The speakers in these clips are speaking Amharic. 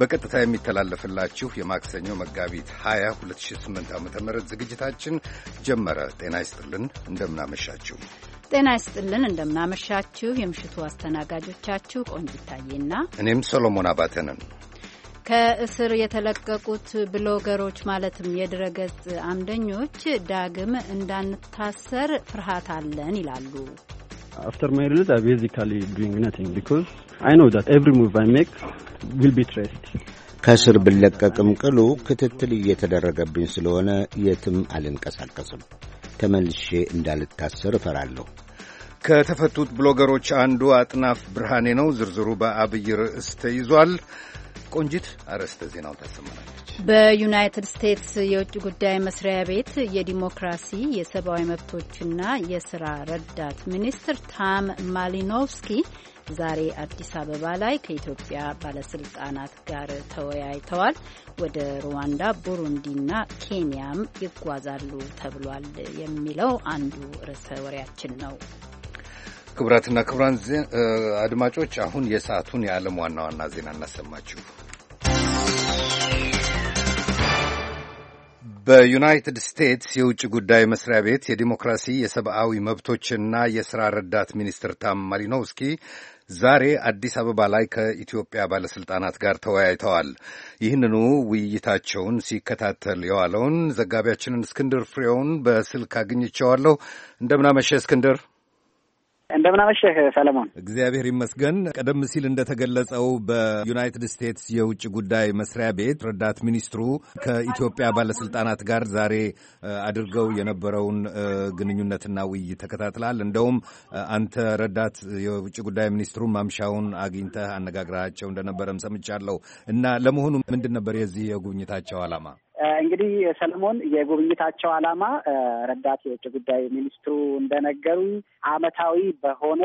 በቀጥታ የሚተላለፍላችሁ የማክሰኞ መጋቢት 20 2008 ዓ ም ዝግጅታችን ጀመረ። ጤና ይስጥልን፣ እንደምናመሻችሁ። ጤና ይስጥልን፣ እንደምናመሻችሁ። የምሽቱ አስተናጋጆቻችሁ ቆንጅት እኔም ሰሎሞን አባተ ነን። ከእስር የተለቀቁት ብሎገሮች ማለትም የድረገጽ አምደኞች ዳግም እንዳንታሰር ፍርሃት አለን ይላሉ። አፍተር ማይ ሪሊዝ ቤዚካሊ ዱንግ ነቲንግ ቢኮዝ ከእስር ብለቀቅም ቅሉ ክትትል እየተደረገብኝ ስለሆነ የትም አልንቀሳቀስም። ተመልሼ እንዳልታሰር እፈራለሁ። ከተፈቱት ብሎገሮች አንዱ አጥናፍ ብርሃኔ ነው። ዝርዝሩ በአብይ ርዕስ ተይዟል። ቆንጂት አርዕስተ ዜናውን ታሰማናለች። በዩናይትድ ስቴትስ የውጭ ጉዳይ መስሪያ ቤት የዲሞክራሲ የሰብአዊ መብቶችና የስራ ረዳት ሚኒስትር ታም ማሊኖቭስኪ ዛሬ አዲስ አበባ ላይ ከኢትዮጵያ ባለስልጣናት ጋር ተወያይተዋል። ወደ ሩዋንዳ፣ ቡሩንዲና ኬንያም ይጓዛሉ ተብሏል የሚለው አንዱ ርዕሰ ወሬያችን ነው። ክቡራትና ክቡራን አድማጮች አሁን የሰዓቱን የዓለም ዋና ዋና ዜና እናሰማችሁ። በዩናይትድ ስቴትስ የውጭ ጉዳይ መስሪያ ቤት የዲሞክራሲ የሰብአዊ መብቶችና የሥራ ረዳት ሚኒስትር ታም ማሊኖውስኪ ዛሬ አዲስ አበባ ላይ ከኢትዮጵያ ባለሥልጣናት ጋር ተወያይተዋል። ይህንኑ ውይይታቸውን ሲከታተል የዋለውን ዘጋቢያችንን እስክንድር ፍሬውን በስልክ አግኝቸዋለሁ። እንደምናመሸ እስክንድር። እንደምናመሸህ ሰለሞን። እግዚአብሔር ይመስገን። ቀደም ሲል እንደተገለጸው በዩናይትድ ስቴትስ የውጭ ጉዳይ መስሪያ ቤት ረዳት ሚኒስትሩ ከኢትዮጵያ ባለስልጣናት ጋር ዛሬ አድርገው የነበረውን ግንኙነትና ውይይት ተከታትላል። እንደውም አንተ ረዳት የውጭ ጉዳይ ሚኒስትሩ ማምሻውን አግኝተህ አነጋግራቸው እንደነበረም ሰምቻለሁ። እና ለመሆኑ ምንድን ነበር የዚህ የጉብኝታቸው ዓላማ? እንግዲህ ሰለሞን፣ የጉብኝታቸው ዓላማ ረዳት የውጭ ጉዳይ ሚኒስትሩ እንደነገሩ አመታዊ በሆነ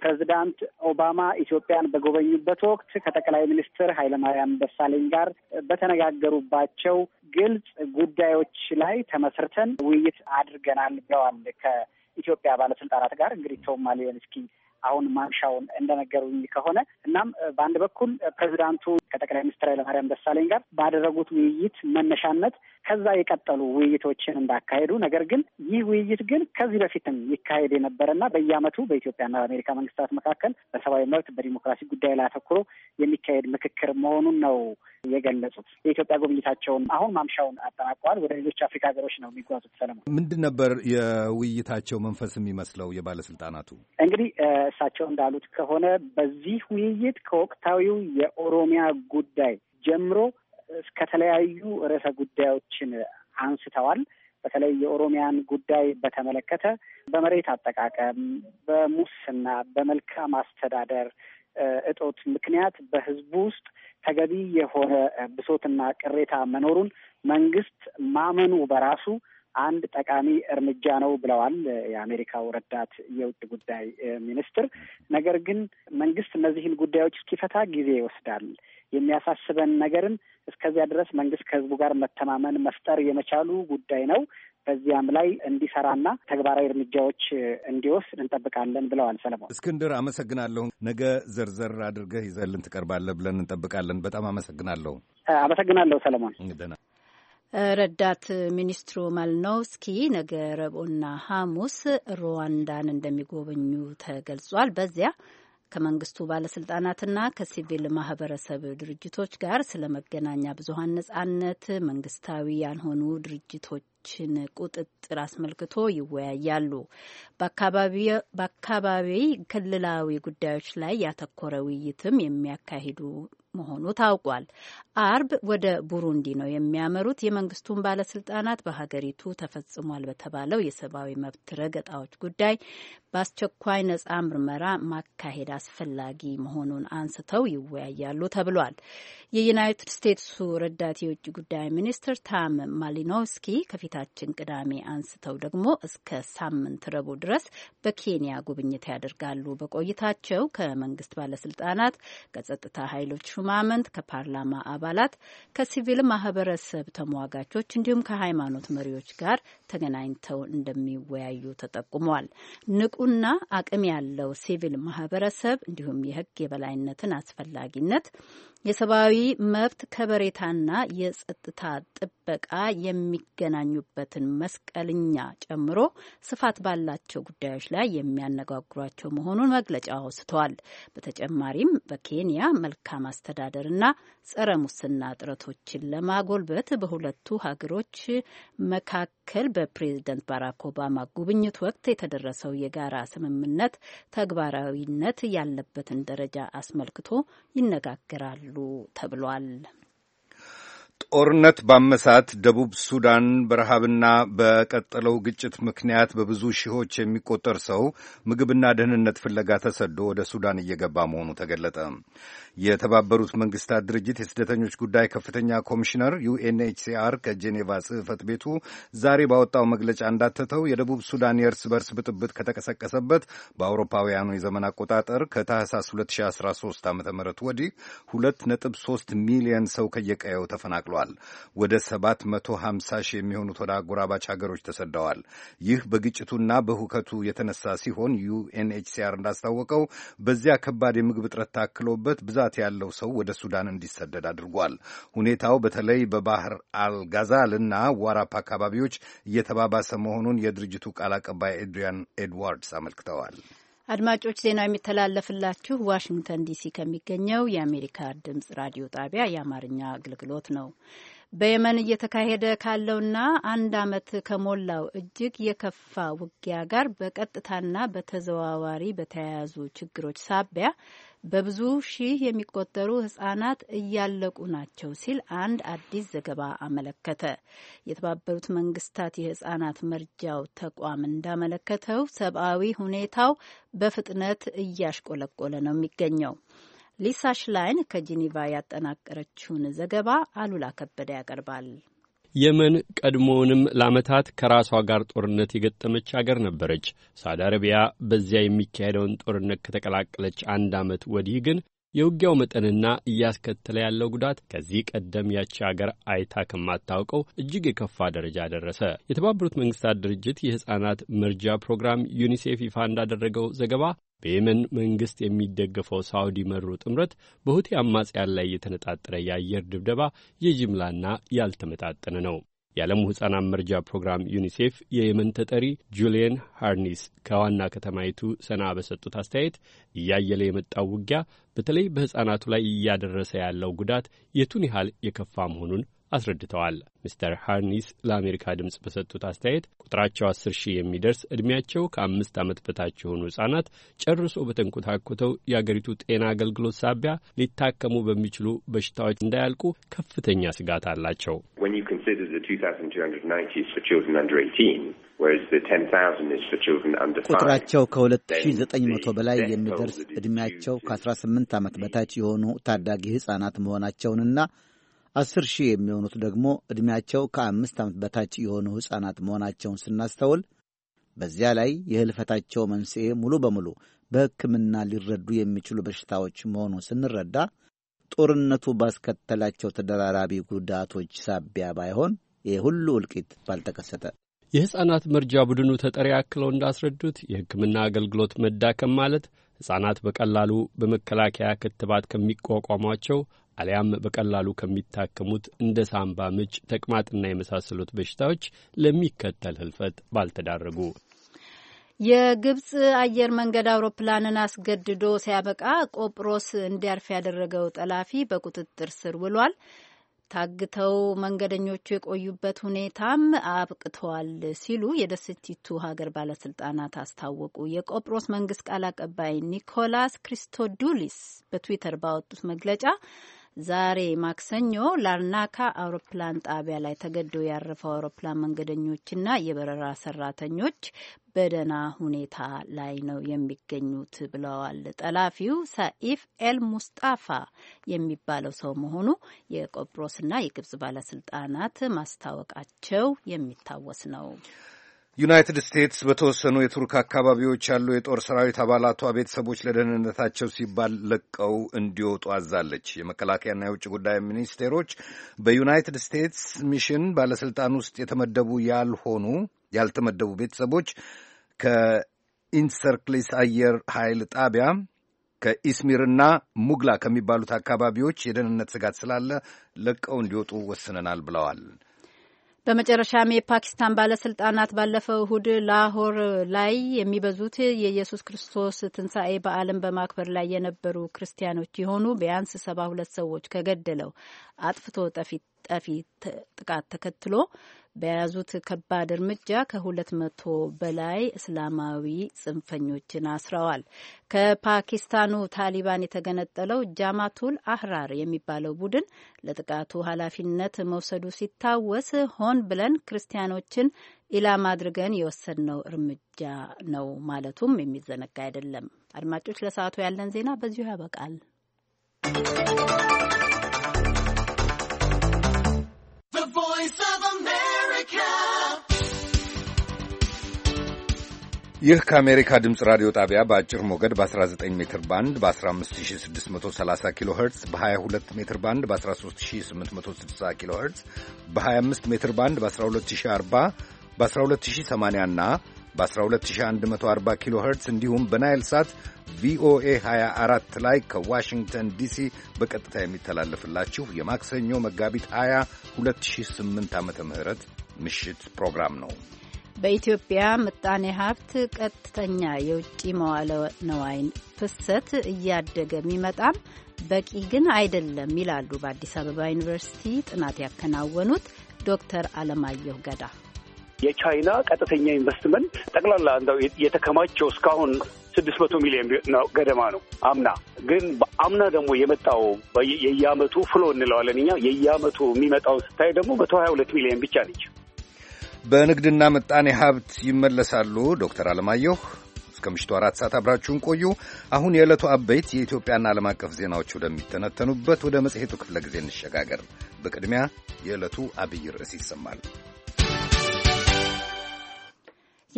ፕሬዚዳንት ኦባማ ኢትዮጵያን በጎበኙበት ወቅት ከጠቅላይ ሚኒስትር ኃይለማርያም ደሳለኝ ጋር በተነጋገሩባቸው ግልጽ ጉዳዮች ላይ ተመስርተን ውይይት አድርገናል ብለዋል። ከኢትዮጵያ ባለስልጣናት ጋር እንግዲህ ቶም ማሊዮን እስኪ አሁን ማምሻውን እንደነገሩኝ ከሆነ እናም በአንድ በኩል ፕሬዚዳንቱ ከጠቅላይ ሚኒስትር ኃይለማርያም ደሳለኝ ጋር ባደረጉት ውይይት መነሻነት ከዛ የቀጠሉ ውይይቶችን እንዳካሄዱ፣ ነገር ግን ይህ ውይይት ግን ከዚህ በፊትም ይካሄድ የነበረና በየዓመቱ በኢትዮጵያና በአሜሪካ መንግስታት መካከል በሰብአዊ መብት በዲሞክራሲ ጉዳይ ላይ አተኩሮ የሚካሄድ ምክክር መሆኑን ነው የገለጹት። የኢትዮጵያ ጉብኝታቸውን አሁን ማምሻውን አጠናቀዋል። ወደ ሌሎች አፍሪካ ሀገሮች ነው የሚጓዙት። ሰለሞን፣ ምንድን ነበር የውይይታቸው መንፈስ የሚመስለው የባለስልጣናቱ እንግዲህ እሳቸው እንዳሉት ከሆነ በዚህ ውይይት ከወቅታዊው የኦሮሚያ ጉዳይ ጀምሮ እስከተለያዩ ርዕሰ ጉዳዮችን አንስተዋል። በተለይ የኦሮሚያን ጉዳይ በተመለከተ በመሬት አጠቃቀም፣ በሙስና፣ በመልካም አስተዳደር እጦት ምክንያት በህዝቡ ውስጥ ተገቢ የሆነ ብሶትና ቅሬታ መኖሩን መንግስት ማመኑ በራሱ አንድ ጠቃሚ እርምጃ ነው ብለዋል የአሜሪካው ረዳት የውጭ ጉዳይ ሚኒስትር። ነገር ግን መንግስት እነዚህን ጉዳዮች እስኪፈታ ጊዜ ይወስዳል። የሚያሳስበን ነገርም እስከዚያ ድረስ መንግስት ከህዝቡ ጋር መተማመን መፍጠር የመቻሉ ጉዳይ ነው። በዚያም ላይ እንዲሰራና ተግባራዊ እርምጃዎች እንዲወስድ እንጠብቃለን ብለዋል ሰለሞን እስክንድር። አመሰግናለሁ። ነገ ዘርዘር አድርገህ ይዘልን ትቀርባለህ ብለን እንጠብቃለን። በጣም አመሰግናለሁ። አመሰግናለሁ ሰለሞን። ረዳት ሚኒስትሩ ማልኖውስኪ ነገ ረቡዕና ሐሙስ ሩዋንዳን እንደሚጎበኙ ተገልጿል። በዚያ ከመንግስቱ ባለስልጣናትና ከሲቪል ማህበረሰብ ድርጅቶች ጋር ስለ መገናኛ ብዙሀን ነጻነት፣ መንግስታዊ ያልሆኑ ድርጅቶችን ቁጥጥር አስመልክቶ ይወያያሉ። በአካባቢ ክልላዊ ጉዳዮች ላይ ያተኮረ ውይይትም የሚያካሂዱ መሆኑ ታውቋል። አርብ ወደ ቡሩንዲ ነው የሚያመሩት። የመንግስቱን ባለስልጣናት በሀገሪቱ ተፈጽሟል በተባለው የሰብአዊ መብት ረገጣዎች ጉዳይ በአስቸኳይ ነጻ ምርመራ ማካሄድ አስፈላጊ መሆኑን አንስተው ይወያያሉ ተብሏል። የዩናይትድ ስቴትሱ ረዳት የውጭ ጉዳይ ሚኒስትር ታም ማሊኖስኪ ከፊታችን ቅዳሜ አንስተው ደግሞ እስከ ሳምንት ረቡዕ ድረስ በኬንያ ጉብኝት ያደርጋሉ። በቆይታቸው ከመንግስት ባለስልጣናት ከጸጥታ ኃይሎች ሹማምንት፣ ከፓርላማ አባላት፣ ከሲቪል ማህበረሰብ ተሟጋቾች እንዲሁም ከሃይማኖት መሪዎች ጋር ተገናኝተው እንደሚወያዩ ተጠቁመዋል። ንቁና አቅም ያለው ሲቪል ማህበረሰብ እንዲሁም የህግ የበላይነትን አስፈላጊነት የሰብአዊ መብት ከበሬታና የጸጥታ ጥበቃ የሚገናኙበትን መስቀልኛ ጨምሮ ስፋት ባላቸው ጉዳዮች ላይ የሚያነጋግሯቸው መሆኑን መግለጫ አውስተዋል። በተጨማሪም በኬንያ መልካም አስተዳደርና ጸረ ሙስና ጥረቶችን ለማጎልበት በሁለቱ ሀገሮች መካከል በፕሬዝደንት ባራክ ኦባማ ጉብኝት ወቅት የተደረሰው የጋራ ስምምነት ተግባራዊነት ያለበትን ደረጃ አስመልክቶ ይነጋገራሉ። ተብሏል። ጦርነት ባመሳት ደቡብ ሱዳን በረሃብና በቀጠለው ግጭት ምክንያት በብዙ ሺዎች የሚቆጠር ሰው ምግብና ደህንነት ፍለጋ ተሰዶ ወደ ሱዳን እየገባ መሆኑ ተገለጠ። የተባበሩት መንግስታት ድርጅት የስደተኞች ጉዳይ ከፍተኛ ኮሚሽነር ዩኤንኤችሲአር ከጄኔቫ ጽህፈት ቤቱ ዛሬ ባወጣው መግለጫ እንዳተተው የደቡብ ሱዳን የእርስ በርስ ብጥብጥ ከተቀሰቀሰበት በአውሮፓውያኑ የዘመን አቆጣጠር ከታህሳስ 2013 ዓ ም ወዲህ 2.3 ሚሊዮን ሰው ከየቀየው ተፈናቅሏል። ተፈናቅሏል። ወደ 750 ሺህ የሚሆኑት ወደ አጎራባች ሀገሮች ተሰደዋል። ይህ በግጭቱና በሁከቱ የተነሳ ሲሆን ዩኤንኤችሲአር እንዳስታወቀው በዚያ ከባድ የምግብ እጥረት ታክሎበት ብዛት ያለው ሰው ወደ ሱዳን እንዲሰደድ አድርጓል። ሁኔታው በተለይ በባህር አልጋዛል እና ዋራፕ አካባቢዎች እየተባባሰ መሆኑን የድርጅቱ ቃል አቀባይ ኤድሪያን ኤድዋርድስ አመልክተዋል። አድማጮች ዜናው የሚተላለፍላችሁ ዋሽንግተን ዲሲ ከሚገኘው የአሜሪካ ድምጽ ራዲዮ ጣቢያ የአማርኛ አገልግሎት ነው። በየመን እየተካሄደ ካለውና አንድ ዓመት ከሞላው እጅግ የከፋ ውጊያ ጋር በቀጥታና በተዘዋዋሪ በተያያዙ ችግሮች ሳቢያ በብዙ ሺህ የሚቆጠሩ ህጻናት እያለቁ ናቸው ሲል አንድ አዲስ ዘገባ አመለከተ። የተባበሩት መንግስታት የህጻናት መርጃው ተቋም እንዳመለከተው ሰብአዊ ሁኔታው በፍጥነት እያሽቆለቆለ ነው የሚገኘው። ሊሳ ሽላይን ከጂኒቫ ያጠናቀረችውን ዘገባ አሉላ ከበደ ያቀርባል። የመን ቀድሞውንም ለዓመታት ከራሷ ጋር ጦርነት የገጠመች አገር ነበረች። ሳውዲ አረቢያ በዚያ የሚካሄደውን ጦርነት ከተቀላቀለች አንድ ዓመት ወዲህ ግን የውጊያው መጠንና እያስከተለ ያለው ጉዳት ከዚህ ቀደም ያቺ አገር አይታ ከማታውቀው እጅግ የከፋ ደረጃ ደረሰ። የተባበሩት መንግስታት ድርጅት የሕፃናት መርጃ ፕሮግራም ዩኒሴፍ ይፋ እንዳደረገው ዘገባ በየመን መንግስት የሚደገፈው ሳውዲ መሩ ጥምረት በሁቲ አማጽያን ላይ የተነጣጠረ የአየር ድብደባ የጅምላና ያልተመጣጠነ ነው። የዓለሙ ሕፃናት መርጃ ፕሮግራም ዩኒሴፍ የየመን ተጠሪ ጁሊየን ሃርኒስ ከዋና ከተማይቱ ሰና በሰጡት አስተያየት እያየለ የመጣው ውጊያ በተለይ በሕፃናቱ ላይ እያደረሰ ያለው ጉዳት የቱን ያህል የከፋ መሆኑን አስረድተዋል። ሚስተር ሃርኒስ ለአሜሪካ ድምፅ በሰጡት አስተያየት ቁጥራቸው አስር ሺህ የሚደርስ ዕድሜያቸው ከአምስት ዓመት በታች የሆኑ ሕፃናት ጨርሶ በተንኮታኮተው የአገሪቱ ጤና አገልግሎት ሳቢያ ሊታከሙ በሚችሉ በሽታዎች እንዳያልቁ ከፍተኛ ስጋት አላቸው። ቁጥራቸው ከ2900 በላይ የሚደርስ ዕድሜያቸው ከ18 ዓመት በታች የሆኑ ታዳጊ ሕፃናት መሆናቸውንና 10 ሺህ የሚሆኑት ደግሞ ዕድሜያቸው ከአምስት ዓመት በታች የሆኑ ሕፃናት መሆናቸውን ስናስተውል በዚያ ላይ የህልፈታቸው መንስኤ ሙሉ በሙሉ በሕክምና ሊረዱ የሚችሉ በሽታዎች መሆኑን ስንረዳ ጦርነቱ ባስከተላቸው ተደራራቢ ጉዳቶች ሳቢያ ባይሆን ይህ ሁሉ እልቂት ባልተከሰተ የሕፃናት መርጃ ቡድኑ ተጠሪ አክለው እንዳስረዱት የሕክምና አገልግሎት መዳከም ማለት ሕፃናት በቀላሉ በመከላከያ ክትባት ከሚቋቋሟቸው አሊያም በቀላሉ ከሚታከሙት እንደ ሳምባ ምች፣ ተቅማጥና የመሳሰሉት በሽታዎች ለሚከተል ህልፈት ባልተዳረጉ። የግብፅ አየር መንገድ አውሮፕላንን አስገድዶ ሲያበቃ ቆጵሮስ እንዲያርፍ ያደረገው ጠላፊ በቁጥጥር ስር ውሏል። ታግተው መንገደኞቹ የቆዩበት ሁኔታም አብቅተዋል ሲሉ የደሴቲቱ ሀገር ባለስልጣናት አስታወቁ። የቆጵሮስ መንግስት ቃል አቀባይ ኒኮላስ ክሪስቶዱሊስ በትዊተር ባወጡት መግለጫ ዛሬ ማክሰኞ ላርናካ አውሮፕላን ጣቢያ ላይ ተገዶ ያረፈው አውሮፕላን መንገደኞችና የበረራ ሰራተኞች በደህና ሁኔታ ላይ ነው የሚገኙት ብለዋል። ጠላፊው ሳኢፍ ኤል ሙስጣፋ የሚባለው ሰው መሆኑ የቆጵሮስና የግብጽ ባለስልጣናት ማስታወቃቸው የሚታወስ ነው። ዩናይትድ ስቴትስ በተወሰኑ የቱርክ አካባቢዎች ያሉ የጦር ሰራዊት አባላቷ ቤተሰቦች ለደህንነታቸው ሲባል ለቀው እንዲወጡ አዛለች። የመከላከያና የውጭ ጉዳይ ሚኒስቴሮች በዩናይትድ ስቴትስ ሚሽን ባለስልጣን ውስጥ የተመደቡ ያልሆኑ ያልተመደቡ ቤተሰቦች ከኢንሰርክሊስ አየር ኃይል ጣቢያ ከኢስሚርና ሙግላ ከሚባሉት አካባቢዎች የደህንነት ስጋት ስላለ ለቀው እንዲወጡ ወስነናል ብለዋል። በመጨረሻም የፓኪስታን ባለስልጣናት ባለፈው እሁድ ላሆር ላይ የሚበዙት የኢየሱስ ክርስቶስ ትንሣኤ በዓልን በማክበር ላይ የነበሩ ክርስቲያኖች የሆኑ ቢያንስ ሰባ ሁለት ሰዎች ከገደለው አጥፍቶ ጠፊ ጥቃት ተከትሎ በያዙት ከባድ እርምጃ ከሁለት መቶ በላይ እስላማዊ ጽንፈኞችን አስረዋል። ከፓኪስታኑ ታሊባን የተገነጠለው ጃማቱል አህራር የሚባለው ቡድን ለጥቃቱ ኃላፊነት መውሰዱ ሲታወስ ሆን ብለን ክርስቲያኖችን ኢላማ አድርገን የወሰድነው እርምጃ ነው ማለቱም የሚዘነጋ አይደለም። አድማጮች፣ ለሰዓቱ ያለን ዜና በዚሁ ያበቃል። ይህ ከአሜሪካ ድምፅ ራዲዮ ጣቢያ በአጭር ሞገድ በ19 ሜትር ባንድ በ15630 ኪሎ ኸርትዝ በ22 ሜትር ባንድ በ13860 ኪሎ ኸርትዝ በ25 ሜትር ባንድ በ12040 በ12080 እና በ12140 ኪሎ ኸርትዝ እንዲሁም በናይል ሳት ቪኦኤ 24 ላይ ከዋሽንግተን ዲሲ በቀጥታ የሚተላለፍላችሁ የማክሰኞ መጋቢት 20 2008 ዓ ም ምሽት ፕሮግራም ነው። በኢትዮጵያ ምጣኔ ሀብት ቀጥተኛ የውጭ መዋለ ነዋይን ፍሰት እያደገ ቢመጣም በቂ ግን አይደለም ይላሉ በአዲስ አበባ ዩኒቨርሲቲ ጥናት ያከናወኑት ዶክተር አለማየሁ ገዳ። የቻይና ቀጥተኛ ኢንቨስትመንት ጠቅላላ እንደው የተከማቸው እስካሁን ስድስት መቶ ሚሊዮን ገደማ ነው አምና። ግን አምና ደግሞ የመጣው የየአመቱ ፍሎ እንለዋለን እኛ የየአመቱ የሚመጣውን ስታይ ደግሞ መቶ ሀያ ሁለት ሚሊዮን ብቻ ነች። በንግድና ምጣኔ ሀብት ይመለሳሉ ዶክተር አለማየሁ። እስከ ምሽቱ አራት ሰዓት አብራችሁን ቆዩ። አሁን የዕለቱ አበይት የኢትዮጵያና ዓለም አቀፍ ዜናዎች ወደሚተነተኑበት ወደ መጽሔቱ ክፍለ ጊዜ እንሸጋገር። በቅድሚያ የዕለቱ አብይ ርዕስ ይሰማል።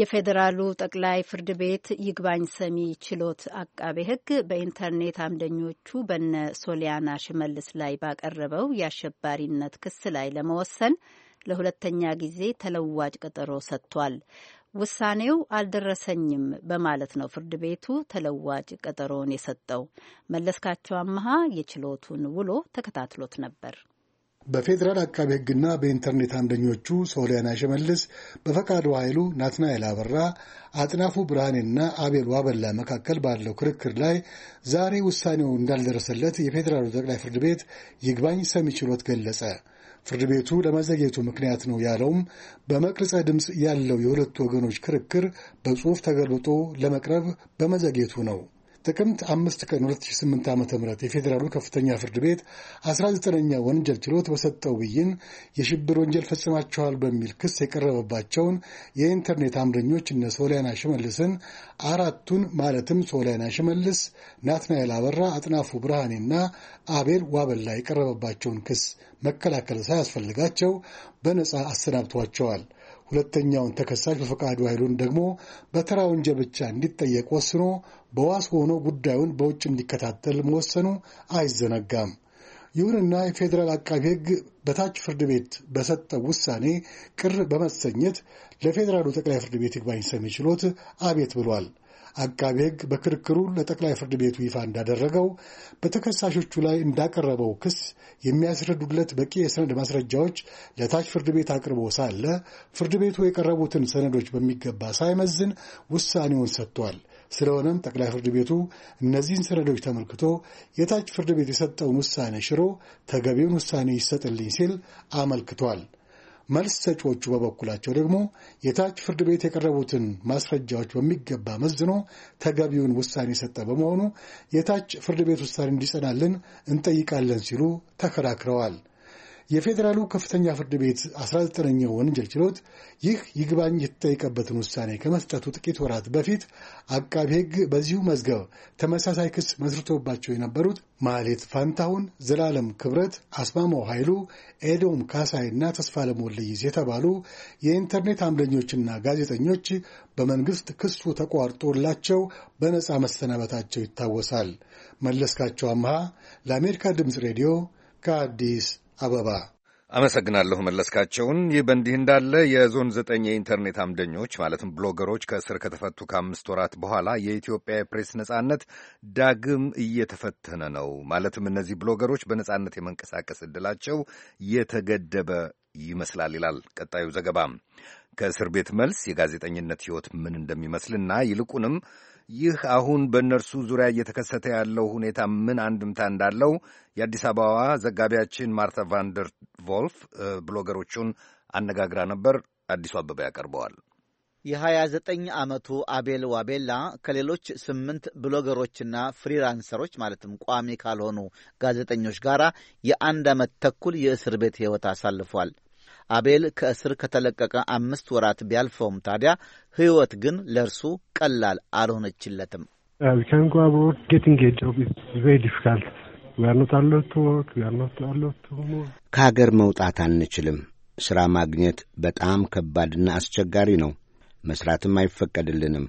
የፌዴራሉ ጠቅላይ ፍርድ ቤት ይግባኝ ሰሚ ችሎት አቃቤ ሕግ በኢንተርኔት አምደኞቹ በነ ሶሊያና ሽመልስ ላይ ባቀረበው የአሸባሪነት ክስ ላይ ለመወሰን ለሁለተኛ ጊዜ ተለዋጭ ቀጠሮ ሰጥቷል። ውሳኔው አልደረሰኝም በማለት ነው ፍርድ ቤቱ ተለዋጭ ቀጠሮውን የሰጠው። መለስካቸው አመሃ የችሎቱን ውሎ ተከታትሎት ነበር። በፌዴራል አቃቢ ሕግና በኢንተርኔት አምደኞቹ ሶሊያና ሽመልስ፣ በፈቃዱ ኃይሉ፣ ናትናኤል አበራ፣ አጥናፉ ብርሃኔና አቤል ዋበላ መካከል ባለው ክርክር ላይ ዛሬ ውሳኔው እንዳልደረሰለት የፌዴራሉ ጠቅላይ ፍርድ ቤት ይግባኝ ሰሚ ችሎት ገለጸ። ፍርድ ቤቱ ለመዘግየቱ ምክንያት ነው ያለውም በመቅረጸ ድምፅ ያለው የሁለቱ ወገኖች ክርክር በጽሑፍ ተገልብጦ ለመቅረብ በመዘግየቱ ነው። ጥቅምት አምስት ቀን 2008 ዓ ም የፌዴራሉ ከፍተኛ ፍርድ ቤት 19ኛ ወንጀል ችሎት በሰጠው ብይን የሽብር ወንጀል ፈጽማችኋል በሚል ክስ የቀረበባቸውን የኢንተርኔት አምረኞች እነ ሶሊያና ሽመልስን አራቱን ማለትም ሶሊያና ሽመልስ፣ ናትናኤል አበራ፣ አጥናፉ ብርሃኔና አቤል ዋበላ የቀረበባቸውን ክስ መከላከል ሳያስፈልጋቸው በነጻ አሰናብቷቸዋል። ሁለተኛውን ተከሳሽ በፈቃዱ ኃይሉን ደግሞ በተራ ወንጀል ብቻ እንዲጠየቅ ወስኖ በዋስ ሆኖ ጉዳዩን በውጭ እንዲከታተል መወሰኑ አይዘነጋም። ይሁንና የፌዴራል አቃቢ ሕግ በታች ፍርድ ቤት በሰጠው ውሳኔ ቅር በመሰኘት ለፌዴራሉ ጠቅላይ ፍርድ ቤት ይግባኝ ሰሚ ችሎት አቤት ብሏል። አቃቢ ሕግ በክርክሩን ለጠቅላይ ፍርድ ቤቱ ይፋ እንዳደረገው በተከሳሾቹ ላይ እንዳቀረበው ክስ የሚያስረዱለት በቂ የሰነድ ማስረጃዎች ለታች ፍርድ ቤት አቅርቦ ሳለ ፍርድ ቤቱ የቀረቡትን ሰነዶች በሚገባ ሳይመዝን ውሳኔውን ሰጥቷል። ስለሆነም ጠቅላይ ፍርድ ቤቱ እነዚህን ሰነዶች ተመልክቶ የታች ፍርድ ቤት የሰጠውን ውሳኔ ሽሮ ተገቢውን ውሳኔ ይሰጥልኝ ሲል አመልክቷል። መልስ ሰጪዎቹ በበኩላቸው ደግሞ የታች ፍርድ ቤት የቀረቡትን ማስረጃዎች በሚገባ መዝኖ ተገቢውን ውሳኔ የሰጠ በመሆኑ የታች ፍርድ ቤት ውሳኔ እንዲጸናልን እንጠይቃለን ሲሉ ተከራክረዋል። የፌዴራሉ ከፍተኛ ፍርድ ቤት 19ኛው ወንጀል ችሎት ይህ ይግባኝ የተጠየቀበትን ውሳኔ ከመስጠቱ ጥቂት ወራት በፊት አቃቢ ሕግ በዚሁ መዝገብ ተመሳሳይ ክስ መስርቶባቸው የነበሩት ማሌት ፋንታሁን፣ ዘላለም ክብረት፣ አስማማው ኃይሉ፣ ኤዶም እና ተስፋ ወልደየስ የተባሉ የኢንተርኔት አምደኞችና ጋዜጠኞች በመንግስት ክሱ ተቋርጦላቸው በነፃ መሰናበታቸው ይታወሳል። መለስካቸው አምሃ ለአሜሪካ ድምፅ ሬዲዮ ከአዲስ አበባ አመሰግናለሁ መለስካቸውን። ይህ በእንዲህ እንዳለ የዞን ዘጠኝ የኢንተርኔት አምደኞች ማለትም ብሎገሮች ከእስር ከተፈቱ ከአምስት ወራት በኋላ የኢትዮጵያ የፕሬስ ነጻነት ዳግም እየተፈተነ ነው። ማለትም እነዚህ ብሎገሮች በነጻነት የመንቀሳቀስ ዕድላቸው የተገደበ ይመስላል ይላል ቀጣዩ ዘገባ። ከእስር ቤት መልስ የጋዜጠኝነት ሕይወት ምን እንደሚመስልና ይልቁንም ይህ አሁን በእነርሱ ዙሪያ እየተከሰተ ያለው ሁኔታ ምን አንድምታ እንዳለው የአዲስ አበባዋ ዘጋቢያችን ማርታ ቫንደር ቮልፍ ብሎገሮቹን አነጋግራ ነበር። አዲሱ አበባ ያቀርበዋል። የ29 ዓመቱ አቤል ዋቤላ ከሌሎች ስምንት ብሎገሮችና ፍሪላንሰሮች ማለትም ቋሚ ካልሆኑ ጋዜጠኞች ጋር የአንድ ዓመት ተኩል የእስር ቤት ሕይወት አሳልፏል። አቤል ከእስር ከተለቀቀ አምስት ወራት ቢያልፈውም ታዲያ ሕይወት ግን ለእርሱ ቀላል አልሆነችለትም። uh, ከሀገር መውጣት አንችልም። ሥራ ማግኘት በጣም ከባድና አስቸጋሪ ነው። መሥራትም አይፈቀድልንም።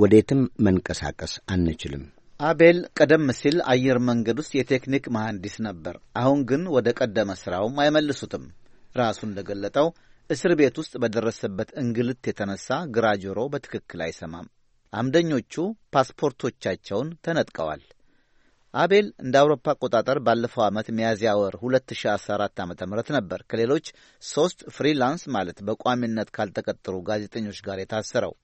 ወዴትም መንቀሳቀስ አንችልም። አቤል ቀደም ሲል አየር መንገድ ውስጥ የቴክኒክ መሐንዲስ ነበር። አሁን ግን ወደ ቀደመ ሥራውም አይመልሱትም። ራሱ እንደገለጠው እስር ቤት ውስጥ በደረሰበት እንግልት የተነሳ ግራ ጆሮ በትክክል አይሰማም። አምደኞቹ ፓስፖርቶቻቸውን ተነጥቀዋል። አቤል እንደ አውሮፓ አቆጣጠር ባለፈው ዓመት ሚያዝያ ወር 2014 ዓ ም ነበር ከሌሎች ሦስት ፍሪላንስ ማለት በቋሚነት ካልተቀጠሩ ጋዜጠኞች ጋር የታሰረው።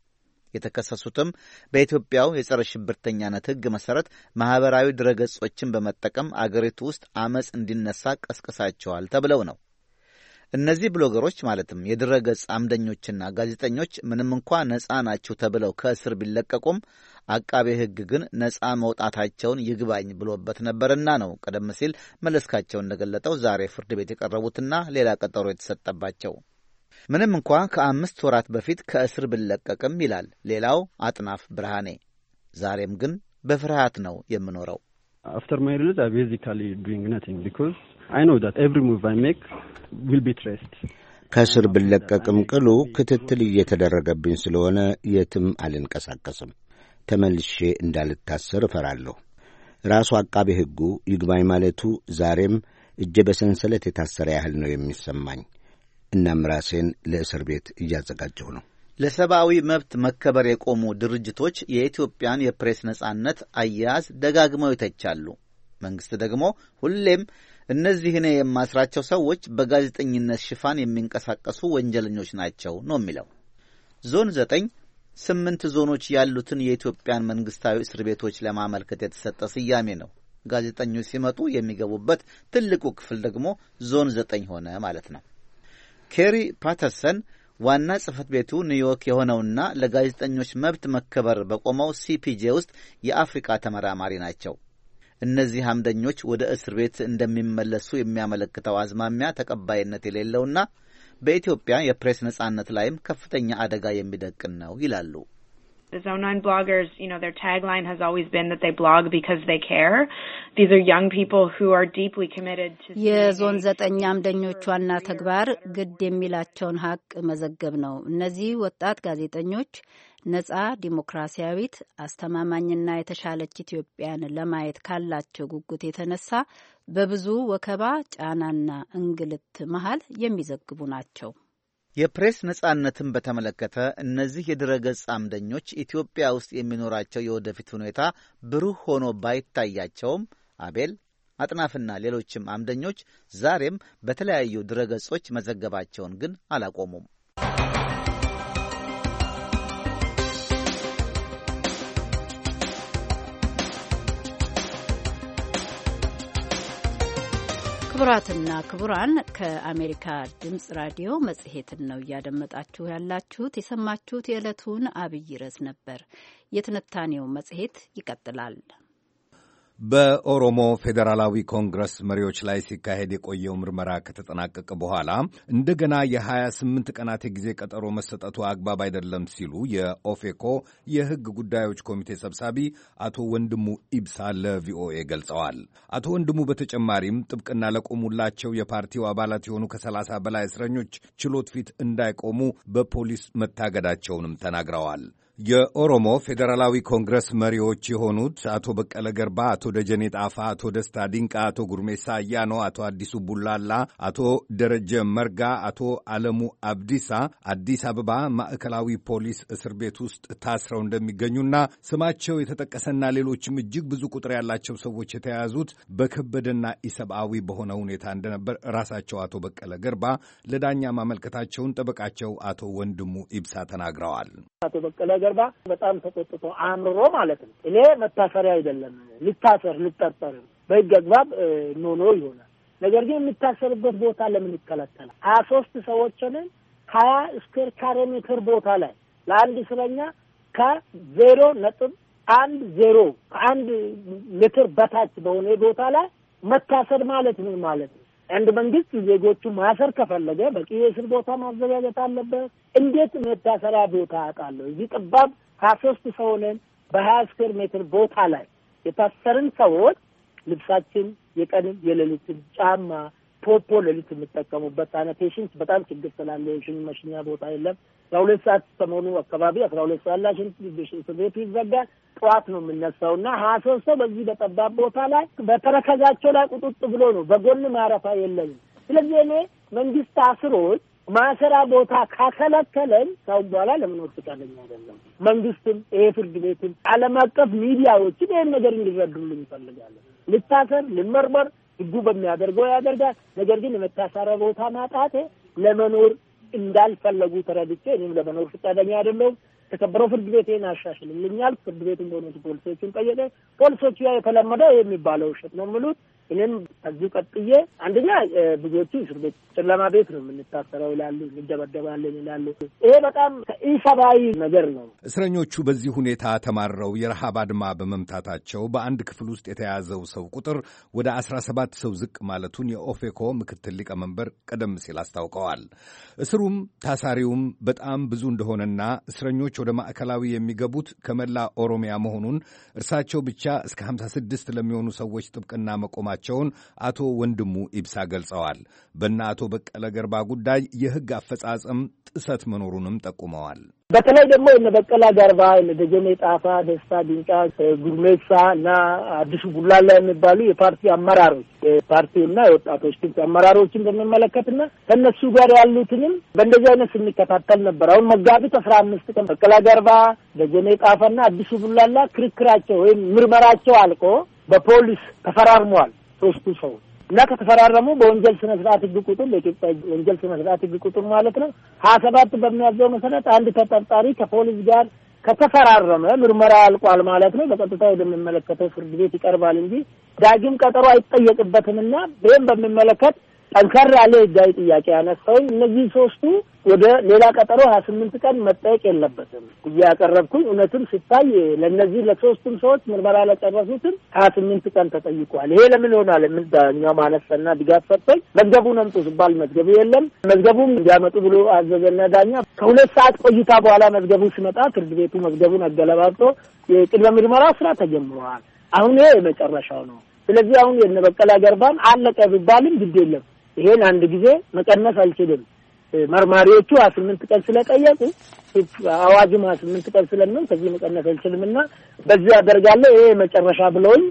የተከሰሱትም በኢትዮጵያው የጸረ ሽብርተኛነት ሕግ መሠረት ማኅበራዊ ድረገጾችን በመጠቀም አገሪቱ ውስጥ አመፅ እንዲነሳ ቀስቅሳቸዋል ተብለው ነው። እነዚህ ብሎገሮች ማለትም የድረገጽ አምደኞችና ጋዜጠኞች ምንም እንኳ ነፃ ናችሁ ተብለው ከእስር ቢለቀቁም አቃቤ ሕግ ግን ነፃ መውጣታቸውን ይግባኝ ብሎበት ነበርና ነው ቀደም ሲል መለስካቸው እንደገለጠው ዛሬ ፍርድ ቤት የቀረቡትና ሌላ ቀጠሮ የተሰጠባቸው። ምንም እንኳ ከአምስት ወራት በፊት ከእስር ብለቀቅም ይላል ሌላው አጥናፍ ብርሃኔ፣ ዛሬም ግን በፍርሃት ነው የምኖረው። አፍተር ማይ ሪሊዝ ቤዚካሊ ነቲንግ ቢኮዝ ከእስር ብለቀቅም ቅሉ ክትትል እየተደረገብኝ ስለሆነ የትም አልንቀሳቀስም። ተመልሼ እንዳልታሰር እፈራለሁ። ራሱ አቃቤ ሕጉ ይግባኝ ማለቱ ዛሬም እጀ በሰንሰለት የታሰረ ያህል ነው የሚሰማኝ። እናም ራሴን ለእስር ቤት እያዘጋጀሁ ነው። ለሰብአዊ መብት መከበር የቆሙ ድርጅቶች የኢትዮጵያን የፕሬስ ነጻነት አያያዝ ደጋግመው ይተቻሉ። መንግሥት ደግሞ ሁሌም እነዚህ እኔ የማስራቸው ሰዎች በጋዜጠኝነት ሽፋን የሚንቀሳቀሱ ወንጀለኞች ናቸው ነው የሚለው። ዞን ዘጠኝ ስምንት ዞኖች ያሉትን የኢትዮጵያን መንግስታዊ እስር ቤቶች ለማመልከት የተሰጠ ስያሜ ነው። ጋዜጠኞች ሲመጡ የሚገቡበት ትልቁ ክፍል ደግሞ ዞን ዘጠኝ ሆነ ማለት ነው። ኬሪ ፓተርሰን ዋና ጽህፈት ቤቱ ኒውዮርክ የሆነውና ለጋዜጠኞች መብት መከበር በቆመው ሲፒጄ ውስጥ የአፍሪካ ተመራማሪ ናቸው። እነዚህ አምደኞች ወደ እስር ቤት እንደሚመለሱ የሚያመለክተው አዝማሚያ ተቀባይነት የሌለውና በኢትዮጵያ የፕሬስ ነጻነት ላይም ከፍተኛ አደጋ የሚደቅን ነው ይላሉ። የዞን ዘጠኝ አምደኞች ዋና ተግባር ግድ የሚላቸውን ሀቅ መዘገብ ነው። እነዚህ ወጣት ጋዜጠኞች ነጻ ዲሞክራሲያዊት አስተማማኝና የተሻለች ኢትዮጵያን ለማየት ካላቸው ጉጉት የተነሳ በብዙ ወከባ ጫናና እንግልት መሀል የሚዘግቡ ናቸው። የፕሬስ ነጻነትን በተመለከተ እነዚህ የድረገጽ አምደኞች ኢትዮጵያ ውስጥ የሚኖራቸው የወደፊት ሁኔታ ብሩህ ሆኖ ባይታያቸውም አቤል አጥናፍና ሌሎችም አምደኞች ዛሬም በተለያዩ ድረገጾች መዘገባቸውን ግን አላቆሙም። ክቡራትና ክቡራን ከአሜሪካ ድምፅ ራዲዮ መጽሔትን ነው እያደመጣችሁ ያላችሁት። የሰማችሁት የዕለቱን አብይ ርዕስ ነበር። የትንታኔው መጽሔት ይቀጥላል። በኦሮሞ ፌዴራላዊ ኮንግረስ መሪዎች ላይ ሲካሄድ የቆየው ምርመራ ከተጠናቀቀ በኋላ እንደገና የ28 ቀናት የጊዜ ቀጠሮ መሰጠቱ አግባብ አይደለም ሲሉ የኦፌኮ የሕግ ጉዳዮች ኮሚቴ ሰብሳቢ አቶ ወንድሙ ኢብሳ ለቪኦኤ ገልጸዋል። አቶ ወንድሙ በተጨማሪም ጥብቅና ለቆሙላቸው የፓርቲው አባላት የሆኑ ከ30 በላይ እስረኞች ችሎት ፊት እንዳይቆሙ በፖሊስ መታገዳቸውንም ተናግረዋል። የኦሮሞ ፌዴራላዊ ኮንግረስ መሪዎች የሆኑት አቶ በቀለ ገርባ፣ አቶ ደጀኔ ጣፋ፣ አቶ ደስታ ዲንቃ፣ አቶ ጉርሜሳ አያኖ፣ አቶ አዲሱ ቡላላ፣ አቶ ደረጀ መርጋ፣ አቶ አለሙ አብዲሳ አዲስ አበባ ማዕከላዊ ፖሊስ እስር ቤት ውስጥ ታስረው እንደሚገኙና ስማቸው የተጠቀሰና ሌሎችም እጅግ ብዙ ቁጥር ያላቸው ሰዎች የተያዙት በከበደና ኢሰብአዊ በሆነ ሁኔታ እንደነበር ራሳቸው አቶ በቀለ ገርባ ለዳኛ ማመልከታቸውን ጠበቃቸው አቶ ወንድሙ ኢብሳ ተናግረዋል። ጀርባ በጣም ተቆጥቶ አምርሮ ማለት ነው። እኔ መታሰሪያ አይደለም ልታሰር ልጠጠር በህግ አግባብ ኖኖ ይሆናል። ነገር ግን የምታሰርበት ቦታ ለምን ይከለከላል? ሀያ ሶስት ሰዎችንን ሀያ ስኩዌር ካሬ ሜትር ቦታ ላይ ለአንድ እስረኛ ከዜሮ ነጥብ አንድ ዜሮ ከአንድ ሜትር በታች በሆነ ቦታ ላይ መታሰር ማለት ምን ማለት ነው? አንድ መንግስት ዜጎቹ ማሰር ከፈለገ በቂ የእስር ቦታ ማዘጋጀት አለበት። እንዴት መታሰሪያ ቦታ አውቃለሁ? እዚህ ጥባብ ሀያ ሶስት ሰው ነን። በሀያ ስኩዌር ሜትር ቦታ ላይ የታሰርን ሰዎች ልብሳችን የቀንም የሌሊትን ጫማ ፖፖ ሌሊት የሚጠቀሙበት አይነት ፔሽንት በጣም ችግር ስላለ የሽን መሽኛ ቦታ የለም። ከሁለት ሰዓት ሰሞኑ አካባቢ አስራ ሁለት ሰዓት ላይ ሽንት ቤቱ ይዘጋል። ጠዋት ነው የምነሳው እና ሀያ ሶስት ሰው በዚህ በጠባብ ቦታ ላይ በተረከዛቸው ላይ ቁጡጥ ብሎ ነው። በጎን ማረፋ የለኝም። ስለዚህ እኔ መንግስት አስሮች ማሰራ ቦታ ካከለከለን ሰው በኋላ ለምን ፈቃደኛ አይደለም። መንግስትም ይሄ ፍርድ ቤትም ዓለም አቀፍ ሚዲያዎችም ይህን ነገር እንዲረዱልን ይፈልጋለን። ልታሰር ልመርመር ህጉ በሚያደርገው ያደርጋል። ነገር ግን የመታሰሪያ ቦታ ማጣቴ ለመኖር እንዳልፈለጉ ተረድቼ እኔም ለመኖር ፍቃደኛ አይደለሁም። የተከበረው ፍርድ ቤት ይህን አሻሽልልኛል። ፍርድ ቤት እንደሆነ ፖሊሶችን ጠየቀ። ፖሊሶቹ ያ የተለመደው የሚባለው ውሸት ነው የሚሉት እኔም ከዚሁ ቀጥዬ አንደኛ ብዙዎቹ እስር ቤት ጨለማ ቤት ነው የምንታሰረው ይላሉ፣ እንደበደባለን ይላሉ። ይሄ በጣም ኢሰብአዊ ነገር ነው። እስረኞቹ በዚህ ሁኔታ ተማረው የረሃብ አድማ በመምታታቸው በአንድ ክፍል ውስጥ የተያዘው ሰው ቁጥር ወደ አስራ ሰባት ሰው ዝቅ ማለቱን የኦፌኮ ምክትል ሊቀመንበር ቀደም ሲል አስታውቀዋል። እስሩም ታሳሪውም በጣም ብዙ እንደሆነና እስረኞች ወደ ማዕከላዊ የሚገቡት ከመላ ኦሮሚያ መሆኑን እርሳቸው ብቻ እስከ ስድስት ለሚሆኑ ሰዎች ጥብቅና መቆማ መሆናቸውን አቶ ወንድሙ ኢብሳ ገልጸዋል። በእነ አቶ በቀለ ገርባ ጉዳይ የህግ አፈጻጸም ጥሰት መኖሩንም ጠቁመዋል። በተለይ ደግሞ እነ በቀላ ገርባ፣ እነ ደጀኔ ጣፋ፣ ደስታ ዲንቃ፣ ጉርሜሳ እና አዲሱ ቡላላ የሚባሉ የፓርቲ አመራሮች የፓርቲውና የወጣቶች ድምፅ አመራሮችን በሚመለከትና ከእነሱ ጋር ያሉትንም በእንደዚህ አይነት ስንከታተል ነበር። አሁን መጋቢት አስራ አምስት ቀን በቀላ ገርባ፣ ደጀኔ ጣፋና አዲሱ ቡላላ ክርክራቸው ወይም ምርመራቸው አልቆ በፖሊስ ተፈራርሟል። ሶስቱ ሰው እና ከተፈራረሙ በወንጀል ስነ ስርዓት ህግ ቁጥር ለኢትዮጵያ ወንጀል ስነ ስርዓት ህግ ቁጥር ማለት ነው ሀያ ሰባት በሚያዘው መሰረት አንድ ተጠርጣሪ ከፖሊስ ጋር ከተፈራረመ ምርመራ አልቋል ማለት ነው። በቀጥታ ወደሚመለከተው ፍርድ ቤት ይቀርባል እንጂ ዳግም ቀጠሮ አይጠየቅበትምና ይህም በሚመለከት ጠንከር ያለ ህጋዊ ጥያቄ ያነሳውኝ እነዚህ ሶስቱ ወደ ሌላ ቀጠሮ ሀያ ስምንት ቀን መጠየቅ የለበትም እያቀረብኩኝ እውነትም ሲታይ ለእነዚህ ለሶስቱም ሰዎች ምርመራ ለጨረሱትም ሀያ ስምንት ቀን ተጠይቋል። ይሄ ለምን ይሆናል? የምን ዳኛው ማነሰና ድጋፍ ሰጥቶኝ መዝገቡን አምጡ ሲባል መዝገቡ የለም። መዝገቡም እንዲያመጡ ብሎ አዘዘና ዳኛ ከሁለት ሰዓት ቆይታ በኋላ መዝገቡ ሲመጣ ፍርድ ቤቱ መዝገቡን አገለባብጦ የቅድመ ምርመራ ስራ ተጀምረዋል። አሁን ይሄ የመጨረሻው ነው። ስለዚህ አሁን የነበቀለ ገርባን አለቀ ቢባልም ግድ የለም ይሄን አንድ ጊዜ መቀነስ አልችልም። መርማሪዎቹ ሀያ ስምንት ቀን ስለጠየቁ አዋጁም ሀያ ስምንት ቀን ስለምን ከዚህ መቀነስ አልችልም እና በዚህ አደርጋለሁ ይሄ መጨረሻ ብለውኝ